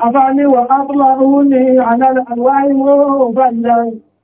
أفعني وأطلعوني على الأنواع مبلغ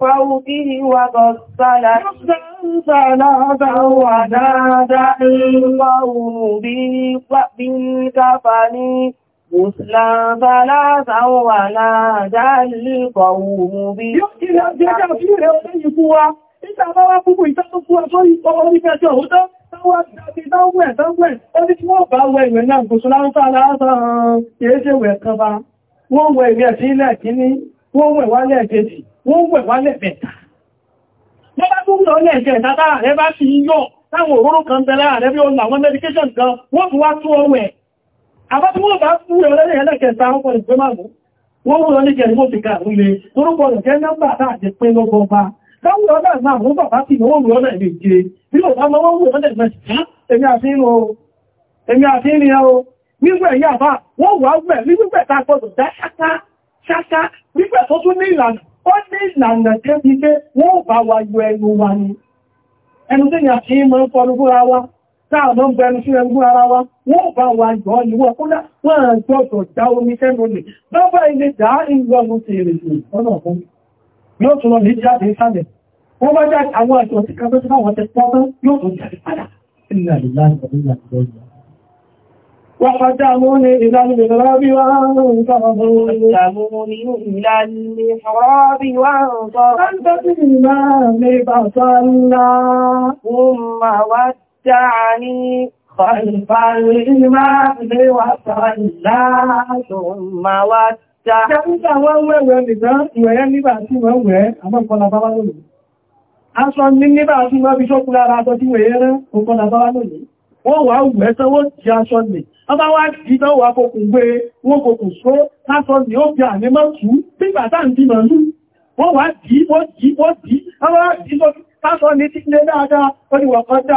فوقه وغسل ثلاثا ودادا قوم بالكفن غسلا ثلاثا ونادى القوم بالكفن Ìtàbáwá púpù ìtàkùn fún ọjọ́ ìfọwọ́rí fẹ́jọ́ òótọ́, táwọn àti àti ìdánwẹ̀ ó ní kí wọ́n bá wẹ ìwẹ̀ náà, gòsùn láwọn tààlà ásáàrùn-ún, kìí ṣe wẹ̀ kan bá. Wọ́n wẹ ìwẹ̀ sí ilẹ̀ kìíní, wọ́n òróró kan bẹ lára bí ó làwọn medication kan wọ́n fi wá tó ọwẹ̀ àbá tí wọ́n bá fún ẹ̀rẹ́ lẹ́ẹ̀kẹta ọkọ̀ ìgbé márùn-ún wọ́n wọ́n ní kẹrin mọ́ ti ìrúlé torúkọ rẹ̀ jẹ́ nọ́mbà ṣáṣá nígbà tó tún ní ìlànà ó ní ìlànà jẹ́ bí pé wọ́n ò bá wa yọ ẹnu wa ni ẹnu tí ìyà kí mọ́ ń fọ́nú fúnra wa táàmọ́ ń bẹnu sí ẹnu fúnra wa wọ́n ò bá wa yọ ìwọ̀ kúnlá wọ́n à ń gbọ́dọ̀ dá omi sẹ́nu lè bábá ilé dá ìlọ́nu ti rè sí ọ̀nà ọ̀fún yóò tún lọ ní jáde sálẹ̀ wọ́n bá jáde àwọn àjọ tí kan tó ti bá wọn tẹ pọ́n yóò tún jáde padà وحكموني إلى المحراب وأنصرفوا حكموني إلى المحراب وأنصرفوا أنت بإمامي فصلى ثم ودعني خلف الإمام وصلى ثم ودعني Ṣẹ́gbẹ́ àwọn ẹwẹ́ nìkan ìwẹ̀yẹ́ nígbà tí wọ́n wẹ́ àmọ́ ìkọlà bá wá lónìí. Aṣọ ní nígbà tí wọ́n fi ṣọ́kùnlára aṣọ tí wẹ̀yẹ́ rẹ́ òkọlà bá wá lónìí. wọ́n wà wẹ́ sọ́wọ́ jí aṣọ a ọba wá jí tán wà fòkùn gbé wọ́n fòkùn só lásọ ní ó bí àmì mọ́ tú bí ń dínà lú wọ́n wá jí wọ́n jí wọ́n jí ọba wá jí tí ilé dáadáa ó ní wà kọjá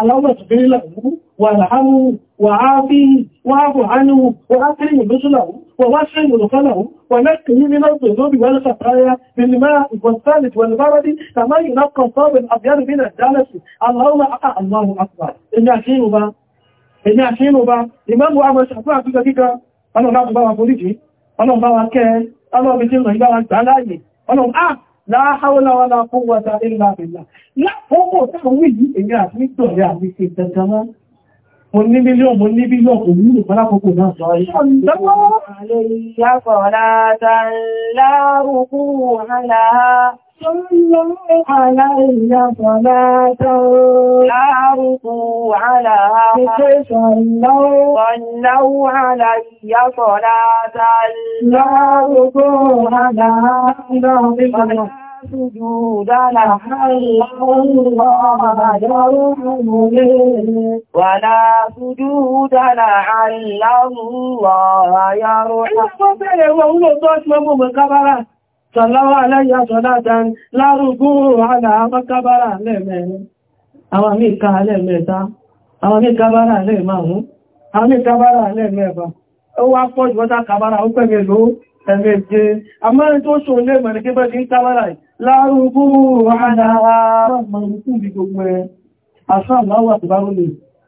اللهم اغفر له وارحمه وعافيه واعف عنه واكرم نزله ووسع مدخله ونقه من الذنوب والخطايا بالماء والثالث والبرد كما ينقى الثوب الابيض من الدنس اللهم أقع الله اكبر ان يحسين با ان يحسين با امام ابو شعبان في ذلك انا لا بابا فوريجي انا بابا كان انا بيتي الله يبارك عليه انا اه láháúlá wọn lápò wọ́ta ilá ìlà lápòpò táwọn yìí èyí àti nítorí àti ṣe dandan mọ́ mo ní mílíọ̀n mo ní bílíọ̀n kò wúlò pálápòpò náà sọ ayé صلوا علي صلاة لا ركوع لها صلوا صلوا علي صلاة لا ركوع لها سجود لها الله يرحمني ولا سجود لعل الله يرحمني sọ̀lọ́wọ́ aláyà sọ̀látàn lárúgbùn àlà mọ́kábára lẹ́mẹ̀rin àwọn mí ká lẹ́mẹ̀ta àwọn mí kábára lẹ́mẹ̀rún àwọn mí kábára lẹ́mẹ̀fà ó wá pọ̀ ìwọ́ta kábára ó pẹ̀mẹ̀ ló ẹ̀mẹ̀je àmọ́rin tó ṣò lẹ́mẹ̀rin kí bẹ́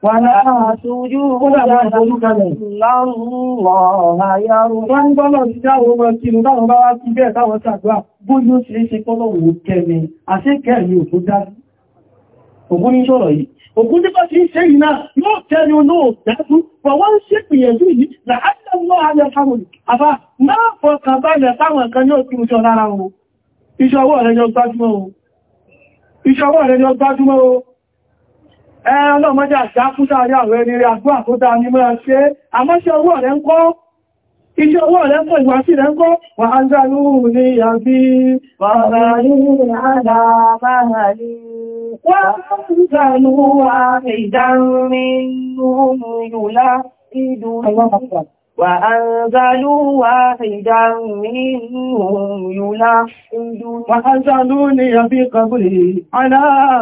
ولا سجود الله يرضى Bójú ṣe ṣe kọ́lọ̀wò kẹ́mi, àṣíkẹ́rì òkú dájú. Òkú ní ṣọ́rọ̀ yìí. Òkú tí bá ti ṣe ìná yóò tẹ́ni olóò dájú, wà wá ń ṣe pìyànjú yìí láàrín àwọn àwọn àfá máa fọkàn bálẹ̀ táwọn kan yóò kí ìṣọ́ lára wọn. Ìṣọ́wọ́ rẹ̀ yọ gbájúmọ́ ọlọ́mọdé àṣà kúta rí àwọn rẹ̀ ń kọ́ iṣẹ́ owó rẹ̀ ń kọ́ ìwà sí rẹ̀ ń kọ́ wà á zàrú ní wà á rí àdábáhàrí wà وأنزلوا واحدا منهم ينحد وأنزلوني في قبري على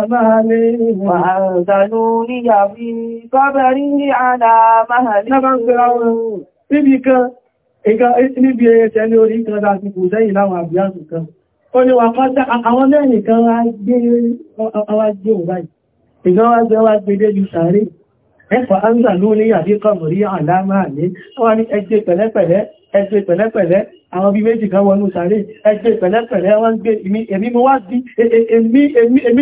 مهلي وأنزلوني في قبري على مهلي Níbi kan, níbi ẹ̀ẹ́sẹ̀ ní orí kan láti kò sẹ́yìn láwọn àbíyànsù kan. Ó ní wà pátá àwọn mẹ́rin kan wá gbé ọwá gbé òun báyìí. Ìgbọ́n wá gbé wá gbé dé ju sàárè ẹfà áńdà lórí àdíkọ̀mù rí àlámà ní wọ́n ní ẹgbẹ́ pẹ̀lẹ́pẹ̀lẹ́ ẹgbẹ́ pẹ̀lẹ́pẹ̀lẹ́ àwọn bí méjì kan wọnú sàárè ẹgbẹ́ pẹ̀lẹ́pẹ̀lẹ́ wọ́n gbé èmi mo wá di èmi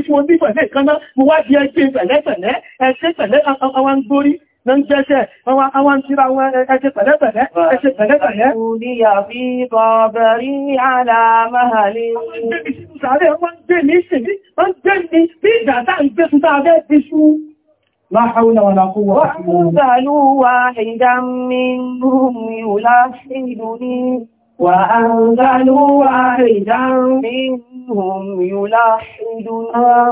tí mo bí pẹ̀lẹ́ kaná mo wá di ẹgbẹ́ pẹ̀lẹ́pẹ̀lẹ́ ẹgbẹ́ pẹ̀lẹ́ àwọn gbórí ló ń jẹ́ṣẹ́ àwọn tíra wọn ẹṣẹ́ pẹ̀lẹ́pẹ̀lẹ́ ẹṣẹ́ pẹ̀lẹ́pẹ̀lẹ́ òníyà bí bọ̀bẹ̀rí aláàmáhàlì sàárè wọ́n gbé ní ìsìnkú wọ́n gbé ní bí ìgbà tá لا حول ولا قوة وأنزلوا واحدا منهم يلاحدني وأنزلوا واحدا منهم يلاحدنا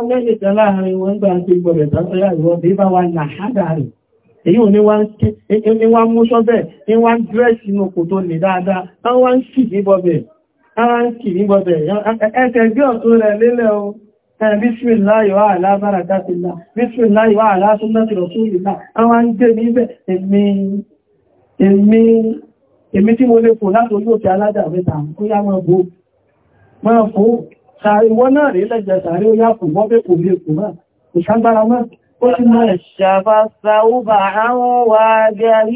méjì tẹ́lá rẹ̀ wọ́n gbà tí gbọ́bẹ̀ tọ́sọ́yà ìwọ̀n bí bá wà náà hádà rẹ̀ èyí ò ní wá mú ṣọ́bẹ̀ ní wá dírẹ́sì inú kò tó lè dáadáa tán wá ń kì ní bọ́bẹ̀ ẹ̀ẹ́kẹ̀ẹ́gbẹ́ ọ̀tún rẹ̀ lélẹ̀ o bísmìláyì wà alábára dákìlá bísmìláyì wà alásúnlọ́tì rọ̀túlìlá àwọn ń gbé níbẹ̀ èmi tí mo lè fò láti orí òkè aládà mẹ́ta ó yá máa bó máa fò sàárè wọ́n náà rí lẹ́jẹ̀ sàárè ó yá kò bọ́bẹ̀ kò lè kò náà kò ságbára mọ́ وَمَشَّفَ الثَّوْبَ عَنْ وَجْهِهِ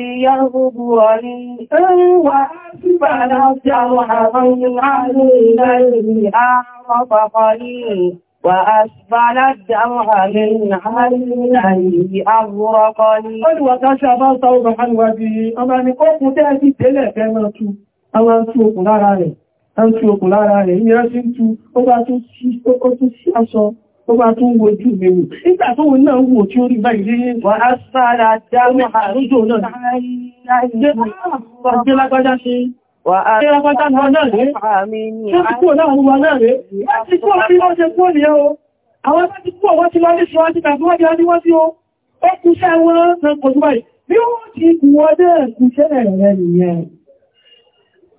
لِيَغْضُوَ لِلْأَنْ وَأَسْفَلَ الْجَرْحَ مَنْ عَلِيْهِ أَعْرَفَ قَلِيلٍ وَأَسْفَلَ الْجَرْحَ مِنْ عَلِيْهِ أَغْرَقَ لِي قَدْ وَكَشَفَ الثَّوْبَ عَنْ وَجْهِهِ ọmọ ni kọ́kùn tẹ́ sí tẹ́lẹ̀ fẹ́ máa tú àwọn tú okùn lára rẹ̀ ó bá tún wo ojú mi wò nígbà tó wọn náà wò tí ó rí báyìí lé wà á sára dáwọn àrújò náà ṣe lágbájá ṣe wà á lágbájá náà rẹ̀ ṣe ti kúrò láwọn ọmọ náà rẹ̀ láti kúrò láti wọ́n ṣe kúrò ní ọ́ àwọn láti kúrò wọ́n ti lọ́lé ṣọ́ àti tàbí wọ́n di adíwọ́ sí ó ó kúṣẹ́ wọn náà pọ̀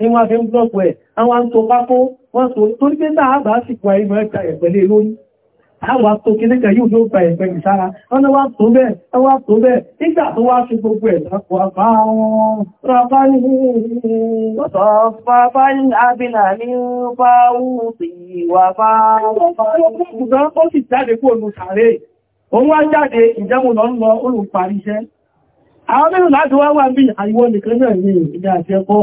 ní wọ́n fi ń blọ́pù ẹ̀ àwọn tó pápó wọ́n tó tó ní pẹ́ta àbá sì pa ìmọ̀ ẹ̀ta ẹ̀pẹ̀lẹ̀ lórí àwọn tó kìnnìkan yóò ló pa ẹ̀pẹ̀ ìsára wọ́n wá tó bẹ́ẹ̀ wá tó bẹ́ẹ̀ nígbà tó wá fi gbogbo ẹ̀ lápò àwọn mẹ́rin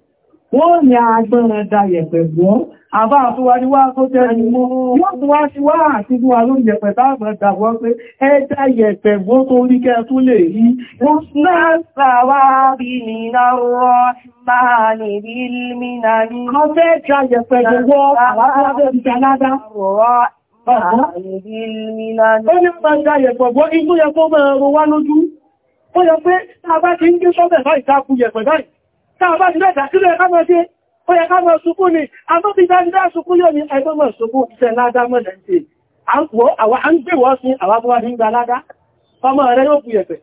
wọ́n ní agbẹ́rẹ̀ dáyẹ̀ pẹ̀lú àbá àtúwárí wá tó tẹ́rì mọ́ wọ́n tó wá sí wá àti bú alóòyẹ̀ pẹ̀lú àgbẹ̀dà wọ́n pé ẹ̀dà yẹ̀pẹ̀ bó tó rí kẹ́ tó lè rí wọ́n sáwá bí ní náà máa ní bí táwọn bá ti lẹ́ta sílẹ̀ kámọ́ sí ó yẹ kámọ́ sùkú ni a tó ti dáadáa sùkú yóò ní ẹgbọ́mọ̀ sùkú iṣẹ́ ládá mọ́lẹ̀ ṣe àwọn à ń gbé wọ́n sí àwọn abúwá ní gba ládá ọmọ rẹ yóò buyẹ̀pẹ̀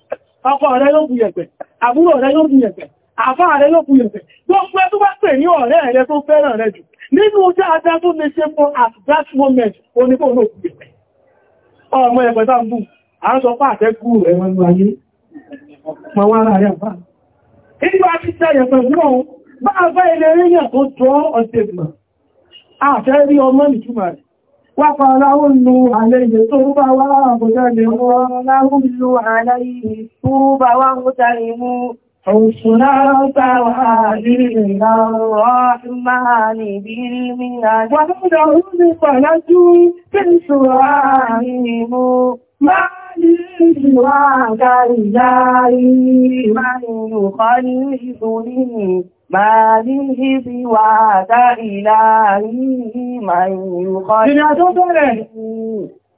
ọkọ rẹ yóò buyẹ̀pẹ̀ àbúrò rẹ yóò buyẹ̀pẹ̀ àfá rẹ yóò buyẹ̀pẹ̀ gbogbo tó bá pè ní ọ̀rẹ́ rẹ tó fẹ́ràn rẹ jù nínú dáadáa tó lè ṣe fún at that moment oníkó ló buyẹ̀pẹ̀ ọmọ ẹ̀pẹ̀ tá ń bù à ń sọ fún àtẹ́kù rẹ̀ wọn ayé Nígbà tí tẹ́yẹ̀ pẹ̀lú ọ̀hún, bá bá ilẹ̀ ríyàn tó jọ ọ̀sẹ̀ ìgbìmọ̀. Àfẹ́ rí ọmọ ìtumà rẹ̀. Wà fara ó lò àlẹ́yẹ tó bá wá àbúdá lè wọ́n láhùn lò àlẹ́yẹ tó bá wá ń tàrí mú. Òṣùnà ọ̀tà wà ní ìlàrọ̀ máa ní bí rí mi àjọ́. Wà سواك إلهي من يخلصني ما لي سواك إلهي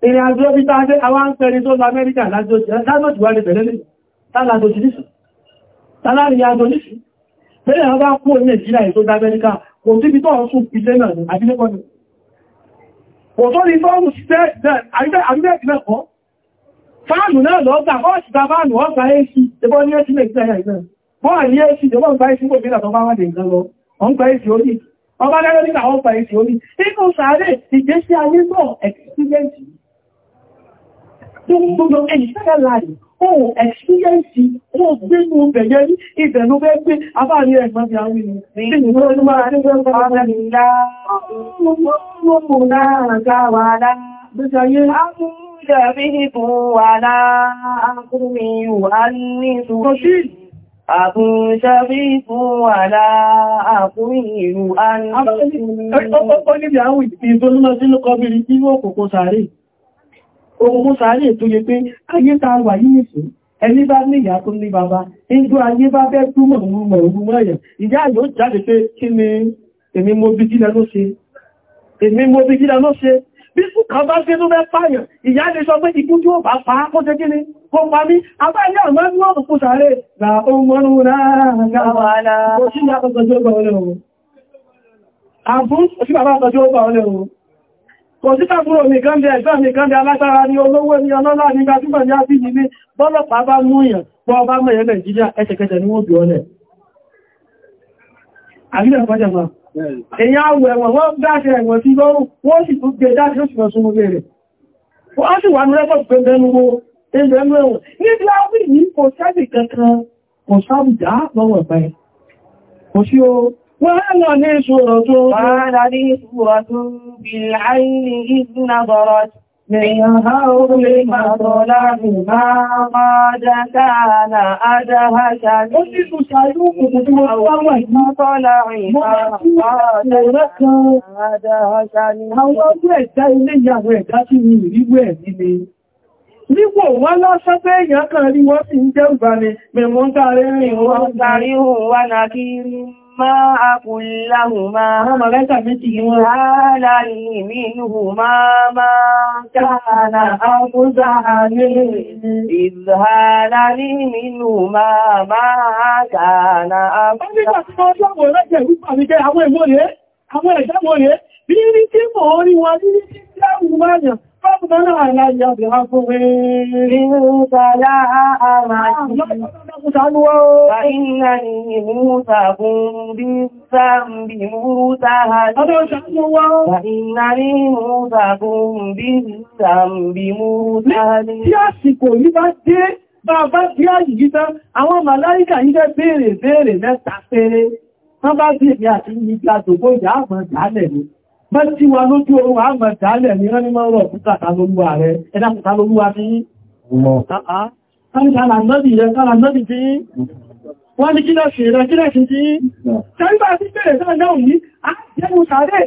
Ìrìn àjò bí ta ṣe àwọn ń fẹ́rin tó lọ Amẹ́ríkà lájọ́jì wà lè bẹ̀rẹ̀ lè tààlàjọ́jì nìṣù. Tààlàrin àjò nìṣù. Bẹ́rẹ̀ àwọn bá kúrò ní Nàìjíríà tó ọ̀sùn Kò tó ní fọ́ọ̀mù sí fáànù náà lọ́gbà ọ́ọ̀sì ta fáànù ọ́gbà èsì ẹbọ́ ní ẹ́sì lè gbẹ̀yà ìgbẹ̀ wọ́n à ní èsì ìjọba ń gba èsì kò bí ìlàtọ̀ wà dé nǹkan lọ wọ́n gba èsì orí ọba lẹ́rọ nígbà wọ́n gba èsì orí inú sàárè ìgbésí ayé náà ẹ̀kìsíyẹ́ǹsì tó ń gbogbo ẹ̀yìn sẹ́kẹ̀ láàyè ohun ẹ̀kìsíyẹ́ǹsì ó gbé ní ìbẹ̀nú bẹ́ gbé abáàrí ẹ̀gbọ́n bí àwọn ènìyàn مشتبهة على أمر يؤنسه Àbúṣẹ́bíkú wàlá àkúrìrù Ogun sàárè tó yẹ pé ayé ta wà yí nìsí, ẹni bá ní ìyá tó ní bàbá, ìjọ ayé bá bẹ́ túnmọ̀ mọ̀ ogun mẹ́yẹ̀. Ìyá yóò jáde pé kí ni èmi mo bí gílẹ̀ ló ṣe bí kú kan bá ṣe tó bẹ́ pààyàn ìyá lè sọ pé ikú tí ó bá pa á kó jẹ́ kíní kó pa mí abá ilé àmọ́ ní wọ́n kò sáré na ohun mọ́rún náà kò sí tàbúrò nìkan bí ẹ̀gbọ́n nìkan bí alágbára ní olówó ní ọlọ́lá ní gbajúmọ̀ ní àbíjì ní bọ́lọ̀pàá bá mú èèyàn pọ́ ọba mẹ́yẹ Nàìjíríà ẹsẹ̀kẹsẹ̀ èyàn awọ ẹ̀wọ̀n wọ́n dáṣẹ ẹ̀wọ̀n sí lọ́rùn wọ́n sì tún gbé dáṣẹ ó sì wọ́n súnmọ́ bẹ̀rẹ̀ wọ́n sì wà ní rẹ́kọ̀ọ́ pé bẹnugbó ẹgbẹ̀rún ẹ̀wọ̀n ní láwí ní kò sẹ́bì kankan kò sáàbùdá lọ́wọ́ ẹ̀pẹ́ kò sí o من هول مظلم ما قد كان أدهك أول مطلع أدهك Nígbò wọ́n lọ́ṣọ́ pé èèyàn kan rí wọ́n sì ń jẹ́ ìgbà ni, mẹ̀mọ́ ń tàrí rìn wọ́n tàrí òun wá nàkírí. ما أقول لهما هما كتبتهما لا منهما ما كان أخذها إذ هال لي منهما ما كان أخذها Àwọn ẹ̀ṣẹ́ wọ́n yẹ́ bí ní tí mọ̀ orí wọn ní tí tí àwọn ọmọ àyàn ربنا لا يضعف منك لا bá dé, bá bá tí àyí gítá, àwọn màláíkà yìí jẹ́ béèrè béèrè mẹ́ta péré, wọ́n bá bí èmi àti ìgbà tògbò ìyá àmọ̀ ìdálẹ̀ ni bá tí wa lójú orun àmà dálẹ̀ ní rán ní máa rọ̀ púpà tàlólúwà rẹ̀ ẹ̀dàkùn tàlólúwà fi wọ́n ní kílẹ̀ ṣe rẹ̀ kílẹ̀ ṣe tí ṣẹ́gbà ní àjẹ́mù sàárẹ̀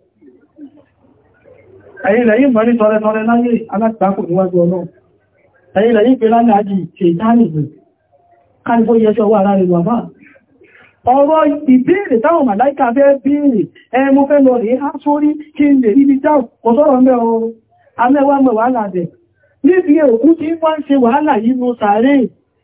ẹ̀yìn lẹ́yìn mọ̀ ní tọrẹ-tọrẹ láyé alágbàkò níwájú ọlọ́run ẹ̀yìn lẹ́yìn pé láyé àjí ṣètánìbù ha yẹṣọ́ wà láàrin ọ̀rọ̀ ìbéèrè táwọn màláìkà fẹ́ béèrè ẹ fẹ́ lọ á sórí kí n lè bí kò sọ́rọ̀ mẹ́ òkú tí wọ́n ń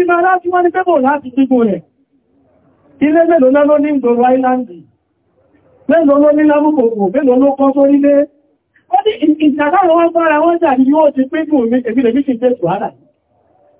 ìmọ̀ aláti wọ́n ní pẹ́bọ̀ láti gbígbò rẹ̀ ilé mélòó lọ́lọ́ ní ìgbòrò áìláńdì mélòó ló ní lábúkòkò mélòó ló kọ́ sórílé wọ́n ní ìtàkàrọ̀ wọ́n bára wọ́n jà ní yóò ti pé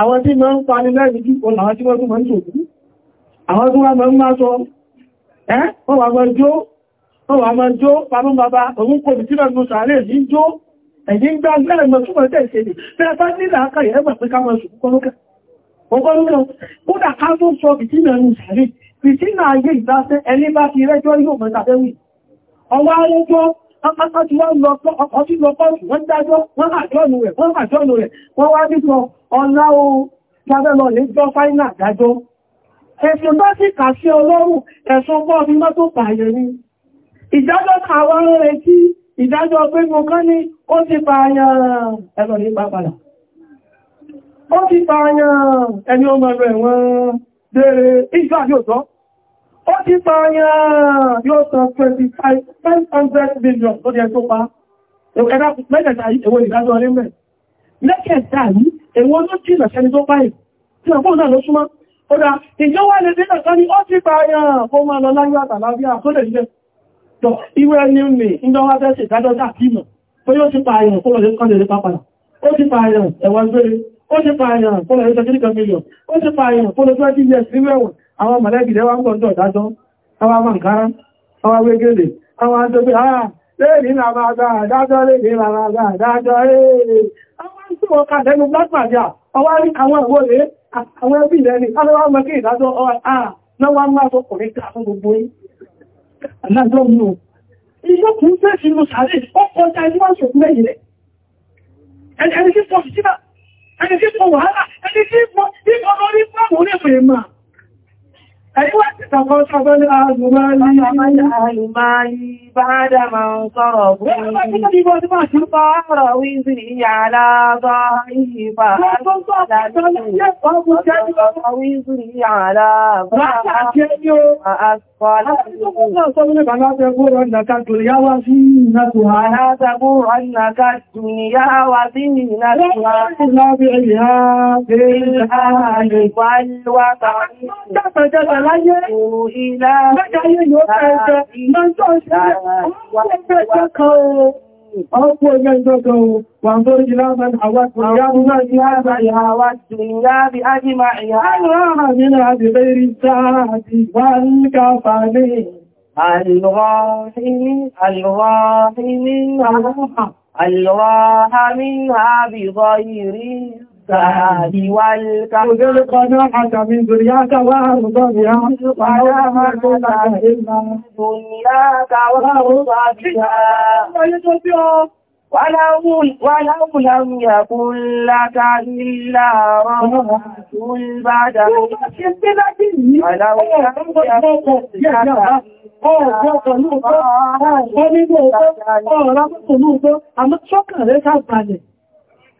àwọn tí ma ń pa ní lẹ́rìn jú ọ̀nà àwọn tí wọ́n tún ma ń ṣòkú àwọn tí wọ́n ma ń máa sọ ẹ́ wọ́n wà máa jó wọ́n wà máa jó pàmún bàbá òun kò bí tíra nù sàárè sí jó ẹ̀yí ń gbá lẹ́rìn mọ̀ túnmọ̀ tẹ́ ìṣẹ́lẹ̀ tẹ́ bá nílà akàyẹ̀ ẹgbà Ọkọ̀tí wọ́n lọ pọ́ ọkọ̀tí lọ pọ́ wọ́n dájọ́ wọ́n àjọ́nù rẹ̀ wọ́n àjọ́nù rẹ̀ wọ́n wá bí sọ ọ̀nà o jábẹ́lọ lè jọ fáínà dájọ́. Ẹ̀sùn bá sì kà sí ọlọ́run ẹ̀sùn bọ́ bí mọ́ tó pààyẹ̀ ni. Ìdájọ́ kàwà ń retí ìdájọ́ pé mo kán ní ó ti pààyàn ẹ̀rọ ní pápálà. Ó ti pààyàn ẹni ọmọ ẹ̀wọ̀n bèèrè ìgbà yóò ó ti pààyàn yóò sọ 25 500 million lórí ẹ̀ tó pa ẹ̀dá mẹ́jẹ̀ta yìí èwo ìdájọ́ orí mẹ́ mẹ́jẹ̀ta yìí èwo ló jìnà sẹ́ni tó báyìí tí ọ̀pọ̀ náà ló súnmọ́ ó dá ìjọwà lè dínà sọ ni ó ti pààyàn kó máa lọ láyé àtàlábíà tó lè jẹ́ tọ ìwé ẹni ní ìjọwà fẹ́ ṣèdájọ́ dàkímọ̀ pé ó ti pààyàn kó lọ lè pápá ó ti pààyàn ẹ̀wọ̀n gbére ó ti pààyàn kó lọ lè 30 million ó ti pààyàn kó lọ 20 years níwẹ̀wọ̀n àwọn mọ̀lẹ́bìdẹ́ wá ń gbọ́ndọ̀ ah, eh. àwọn mọ̀ǹkárá àwọn wégélè àwọn àjọ́gbé àà lẹ́ẹ̀rí làmàgbà dájọ́ lẹ́ẹ̀rí làmàgbà dájọ́ ẹni tí pọ̀ wàhálà ẹni tí pọ̀ ní ọlọ́rí pọ̀ mọ́ ní ẹ̀fẹ̀ máa أيوة تقاطب الأهل مالي الأهل مالي بعد من صرفوا طار وزري على ظهره فأسقل وزري على فأسقل أنك الدنيا وزينتها لا تقول أنك الدنيا وزينتها لا بعيها في الأهل والوطن láyé mẹ́ta yìí ni ó fẹ́ ẹ̀ṣẹ́ mọ́ntọ́ ìṣẹ́lẹ̀ ọmọ ẹgbẹ́ ẹ̀ṣẹ́ kan ooo ọkọ̀ ẹgbẹ́ ẹ̀ṣẹ́ kan ooo wọ́n tó rí lábẹ́ àwọn ìyábí náà ní àbá ìhàwà tí ìyábí ájímà ìhàwà. Àìrọ̀rọ̀ nínú àbìbẹ̀ ìrìsáà àti ìgbà ń káfà ní الراحم الراحم الراحم بغير السعد والكهف قناحة من ذرياك وأرضى بها وعلامة دنياك وأرضى بها ولو, ولو لم يكن لك إلا رحمة البدن ولو لم يكن لك Ọ̀rọ̀ ọ̀rọ̀ ọ̀rọ̀ ọ̀rọ̀ ọ̀rọ̀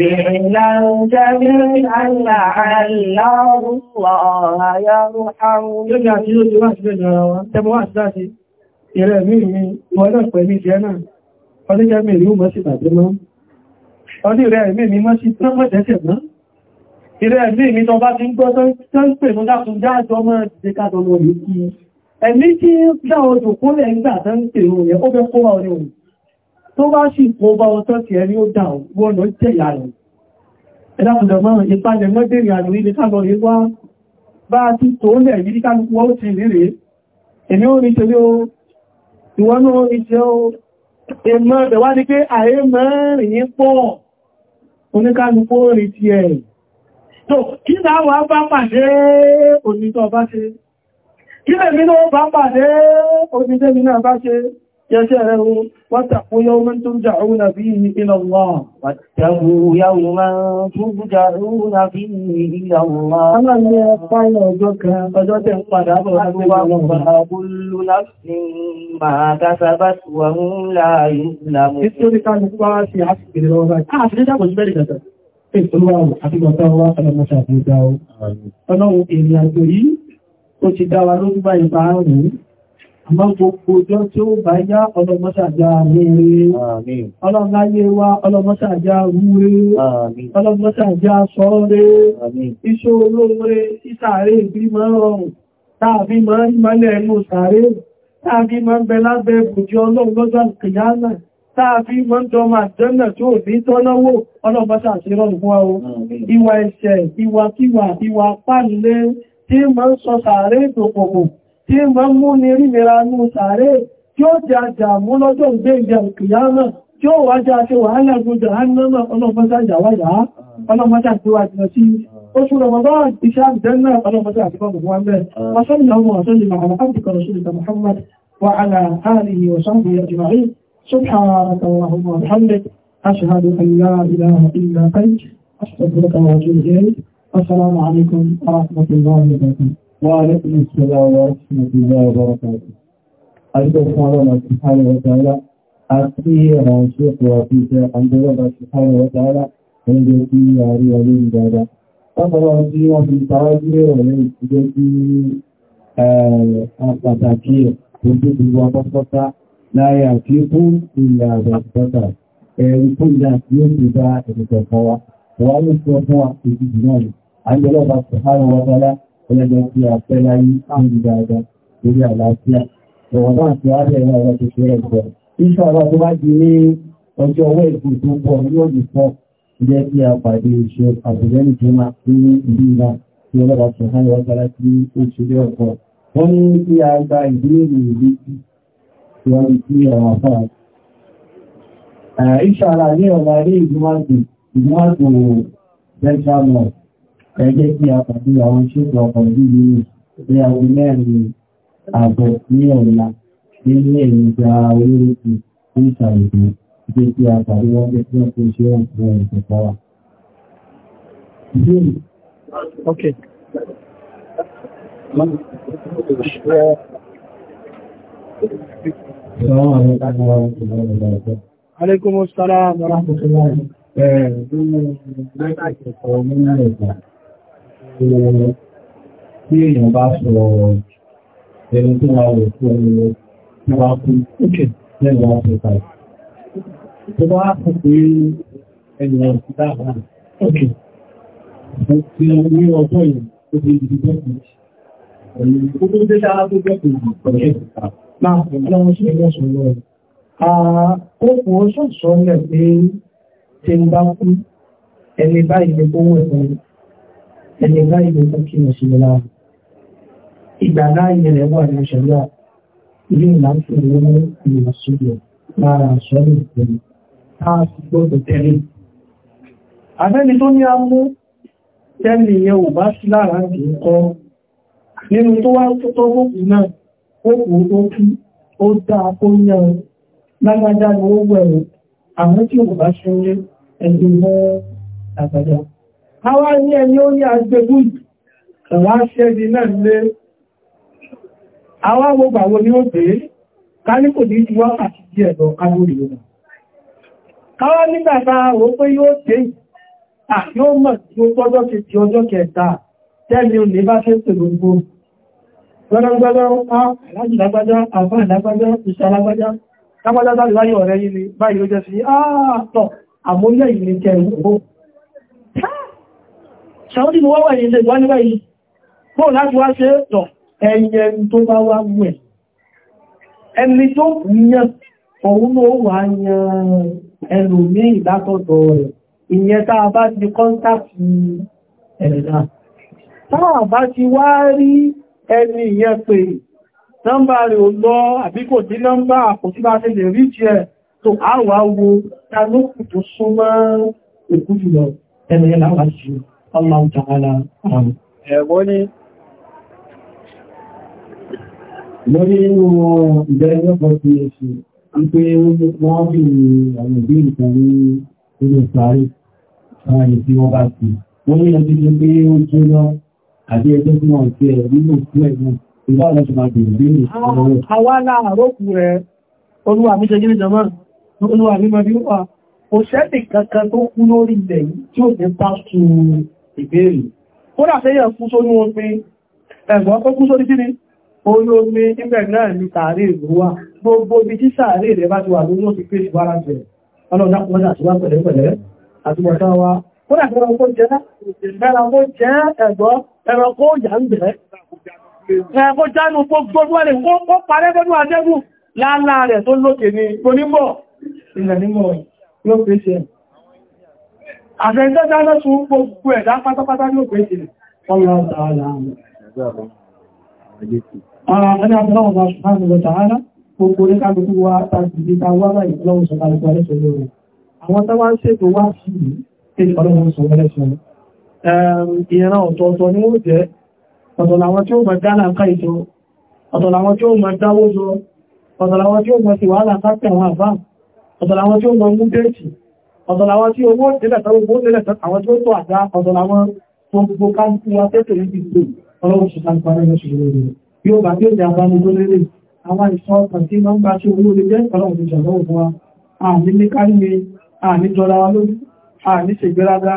فعلا ọdún jẹ́ mi ìlú mọ́ sí tàbí mọ́. Ọdún ìrẹ́ mi mi mọ́ sí tán mọ́ tẹ́sẹ̀ mọ́. mi mi ti ń gbọ́ tán pè mú dákun jáàjọ mọ́ jẹ́kàtọ̀ lórí kí. Ẹ̀mí tí ń dá odò kúnlẹ̀ ń gbà tán pè mú tó bá sì kó bá ọtọ́ sí ẹni ó dà wọ́n lọ jẹ́ ìyá rẹ̀ ẹ̀dàkùnjọ mọ́ ìpalẹ̀ àrùn ilé kálọ̀ rí wá bá ti tó lẹ̀ yìí kálùkù wọ́n ti rírẹ̀ èmi ó rí tẹ́lé o ìwọ́n náà rí tẹ́ o èmọ́ ẹ̀wà ní pé ààrẹ يجعله واتقوا يوما ترجعون فيه إلى الله واتقوا يوما ترجعون فيه إلى الله ومن يطعن وجهك فجد قدرها كل نفس ما كسبت وهم لا يظلمون السوري كان مقبعة في عصر الروابات أعرف لذا مجبري كذا Ìtùlúwàwò àti gbọ̀tọ̀wọ́ ọlọ́mọṣà fún ìdáwó. Ọlọ́run ènìyàn torí ó ti dáwà ló ń bá ìpa àrùn àmọ́ gbogbo ọjọ́ tí ó bá yá ọlọ́mọ́sàjá rẹ̀ ọlọ́láyé wa ọlọ́mọ́sàjá rúre ọlọ́mọ́sàjá sọ́ọ́rẹ́ iṣẹ́ olóore títàrí ìbí máa rọrùn tàbí máa ń mọ́lẹ̀ ẹnu sàárè tàbí máa ń bẹ lábẹ́ bùjọ ọlọ́gbọ́gbà kìyànà tàbí máa ń tọmọ àjẹ́nà tí ò ní tọ́lọ́wọ́ ọlọ́mọ́sà sí rọrùn fún ọ tí ma mú ní rímìra ní sàárè tí ó ti àjà mú lọ́jọ́ ìgbé ìjẹ̀ ìkìyàmọ̀ tí ó wá jẹ́ àti wàhálà gbogbo àánàmà ọlọ́mọdá ìyàwáyà ọlọ́mọdá àti wà jìnà sí oṣù rọmọdán iṣẹ́ àjẹ́nà ọlọ́mọdá àti kọ́nà wọn bẹ́ẹ̀ wọ́n sọ́nà ọmọ ọ̀sọ́lẹ̀ àwọn àbìkọ̀ rasulika muhammad wa ala alihi wa sahbihi ajma'in subhanaka allahumma wa bihamdik ashhadu an la ilaha illa anta astaghfiruka wa atubu ilayk assalamu alaikum wa rahmatullahi wa barakatuh وعليكم السلام ورحمة الله وبركاته أجل فعلنا سبحانه وتعالى أتيه رانشيق وفيسة عند الله سبحانه وتعالى عند في ياري ولي دادا أمر أجينا في تعاجر ولي جدي أتاكير كنت بوا بسطة لا يأتيكم إلا بسطة يكون ذات يوسف إذا تقوى وعليكم السلام ورحمة الله وبركاته عند الله سبحانه وتعالى ọlọ́jọ́ tí a fẹ́ láyé áàrùn dáadáa lórí àlàáfíà lọ́wọ́ náà ti wá bẹ̀rẹ̀ ọ̀rọ̀ tó fẹ́ ẹ̀gbọ́ iṣẹ́ ọ̀rọ̀ tó bá di ní ọjọ́ owó ìgbò tó pọ̀ ní òbí fọ́ jẹ́ kí a pàdé iṣẹ́ àbùdẹ́nì tó máa fi ní ìlú náà tí ọlọ́ba sọ fún ìwọ́n sára tí ó ṣe lé ọ̀pọ̀ wọ́n ní kí a gba ìdílé ìlú tí wọ́n ti ọ̀rọ̀ àfáà iṣẹ́ ara ní ọ̀la ilé ìgbìmọ̀ ìgbìmọ̀ central north ẹgbẹ́ tí a pàdé àwọn ṣètò ọkọ̀ yìí ní aago àbọ̀ ní ọ̀la nínú èròjà olórúkú fún ìṣàlùkù ìgbé tí a pàdé wọ́n jẹ́ tí wọ́n kò ṣe wọ́n fún ẹ̀sẹ̀ pọ́wà. Okay. Alaikum assalam wa rahmatullahi kó èèyàn bá sọ ẹni tó máa wò fún ẹni tó wá kú ókè lẹ́nu wá tó bá kú pé ẹni wọn ti dáadáa ókè ti ní ọjọ́ yìí tó fi ìdí tó kù ó tó dé dára tó jẹ́ kò pẹ̀lú ìta máa fún ọmọ sí ẹgbẹ́ ẹni báyìí ló kí mo sì lọ́la ìgbà láàyè wà ní ṣẹ̀lá ilé ìlànà ìlú ìlọsílẹ̀ lára àṣọ́lẹ̀ ìpẹ̀lú táà tẹ́lẹ̀ àfẹ́ni tó ní a tẹ́lẹ̀ yẹ ò bá sí lára kì kọ́ nínú tó wá tó hókù Àwa ní ẹni ó ní agbẹ́gùn wá ṣẹ́ni náà lé. Àwa gbogbo àwọn ni ó pè é, ká ní kò ní ju wákàtí díẹ̀ lọ káwórí lọ. Káwá nígbàtà ó pé yóò tẹ́ yóò mọ̀ tí ó tọ́jọ́ ti ti ọjọ́ kẹta tẹ́lẹ̀ ò ní bá fẹ́ pẹ̀lú gbogbo. Gbọ́nàgbọ́nà ni báyìí ló Saudi ni wọ́n wà ní ilé ìgbà níwá yìí bóò láti wá ṣe tọ̀ ẹyẹ tó bá wá mú ẹ̀ ẹni tó yẹn òun ló wà yan ẹlòmí ìdátọ̀tọ̀ rẹ̀ ìyẹn tá a bá ti kọ́ntàkì ẹ̀dá táà bá ti wá rí ẹni ìyẹn pé nọ́mbà rẹ̀ ò lọ àbí kò sí nọ́mbà kò sí bá ṣe lè rí jẹ́ tó àwà wo ta tó súnmọ́ èkú jùlọ ẹni ẹ̀láwà jùlọ Allah ta'ala àrùn. Ẹ̀wọ́n ni lórí inú ìdẹ́lẹ́gbọ́ ti èṣù wípé wọ́n bí àwọn ìbí ìtàn ní inú sáré àwọn tí wọ́n bá ti wọ́n ní ẹjọ́ tí pé ó jẹ́ lọ àbí ẹjọ́ tí wọ́n ti ẹ̀ nínú fún ẹ̀gbọ́n ìbá ọlọ́sùn kankan tó kú lórí ilẹ̀ yìí tí ó ti bá ìbéèrè kódà tẹ́ yẹ kú sóní omi ẹ̀gbọ́n tó kú sóní kíni orí omi níbẹ̀ náà ní tààrí ìlú wa gbogbo ibi tí sàárè rẹ̀ bá ti wà lórí ó ti pèsè bára jẹ ọlọ́dá kọjá àti wá pẹ̀lẹ́pẹ̀lẹ́ àti bọ̀tá wa kódà tẹ́ ẹranko jẹ́ ẹranko jẹ́ ẹ̀gbọ́n ẹranko yà ń bẹ̀ẹ́ ẹranko jánu gbogbo wọn lè kó parẹ́ bọ́nú adẹ́gùn láàlá rẹ̀ tó lókè ní onímọ̀ ilẹ̀ nímọ̀ yóò pèsè àṣẹ́jẹ́jẹ́ alẹ́sùn gbogbo ẹ̀dá pátápátá ní òpin ìsìnlẹ̀ ọlọ́run tààlà àwọn ọmọ ṣùgbọ́n lọ tààlà gbogbo ní kàbùkú wa tàbí tàwà láì lọ́wọ́ sọ kàbùkú alẹ́sùn lórí àwọn tàwà ń ṣètò wá sí ìpínlẹ̀ ọlọ́run sọ ẹlẹ́sùn ìran ọ̀tọ̀ọ̀tọ̀ ni ó jẹ́ ọ̀tọ̀ làwọn tí ó mọ̀ dáná ká ọ̀dọ̀láwọ́ tí owó tẹ́lẹ̀ tọ́wọ́ owó tẹ́lẹ̀ àwọn tí ó tó àdá ọ̀dọ̀láwọ́ tó gbogbo káńtí wa tẹ́tẹ̀ ní ti tó ọlọ́wọ́ ṣe ká ń parí ẹ̀ṣù lórí yóò bá bí ó jẹ́ abáni tó lérè àwọn ìṣọ́ ọkàn tí wọ́n bá ṣe owó lè jẹ́ ọlọ́wọ́ ti jọ̀lọ́ òfin wa àní ní kárí mi àní jọra wa lórí àní ṣègbéraga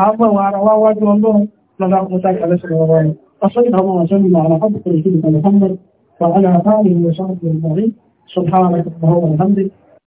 àámọ̀ ara wa wájú ọlọ́run lọ́dá kún sáà kálẹ̀ sọ̀rọ̀ wa أصلي اللهم وسلم على عبدك ورسولك محمد وعلى آله وصحبه أجمعين سبحانك اللهم وبحمدك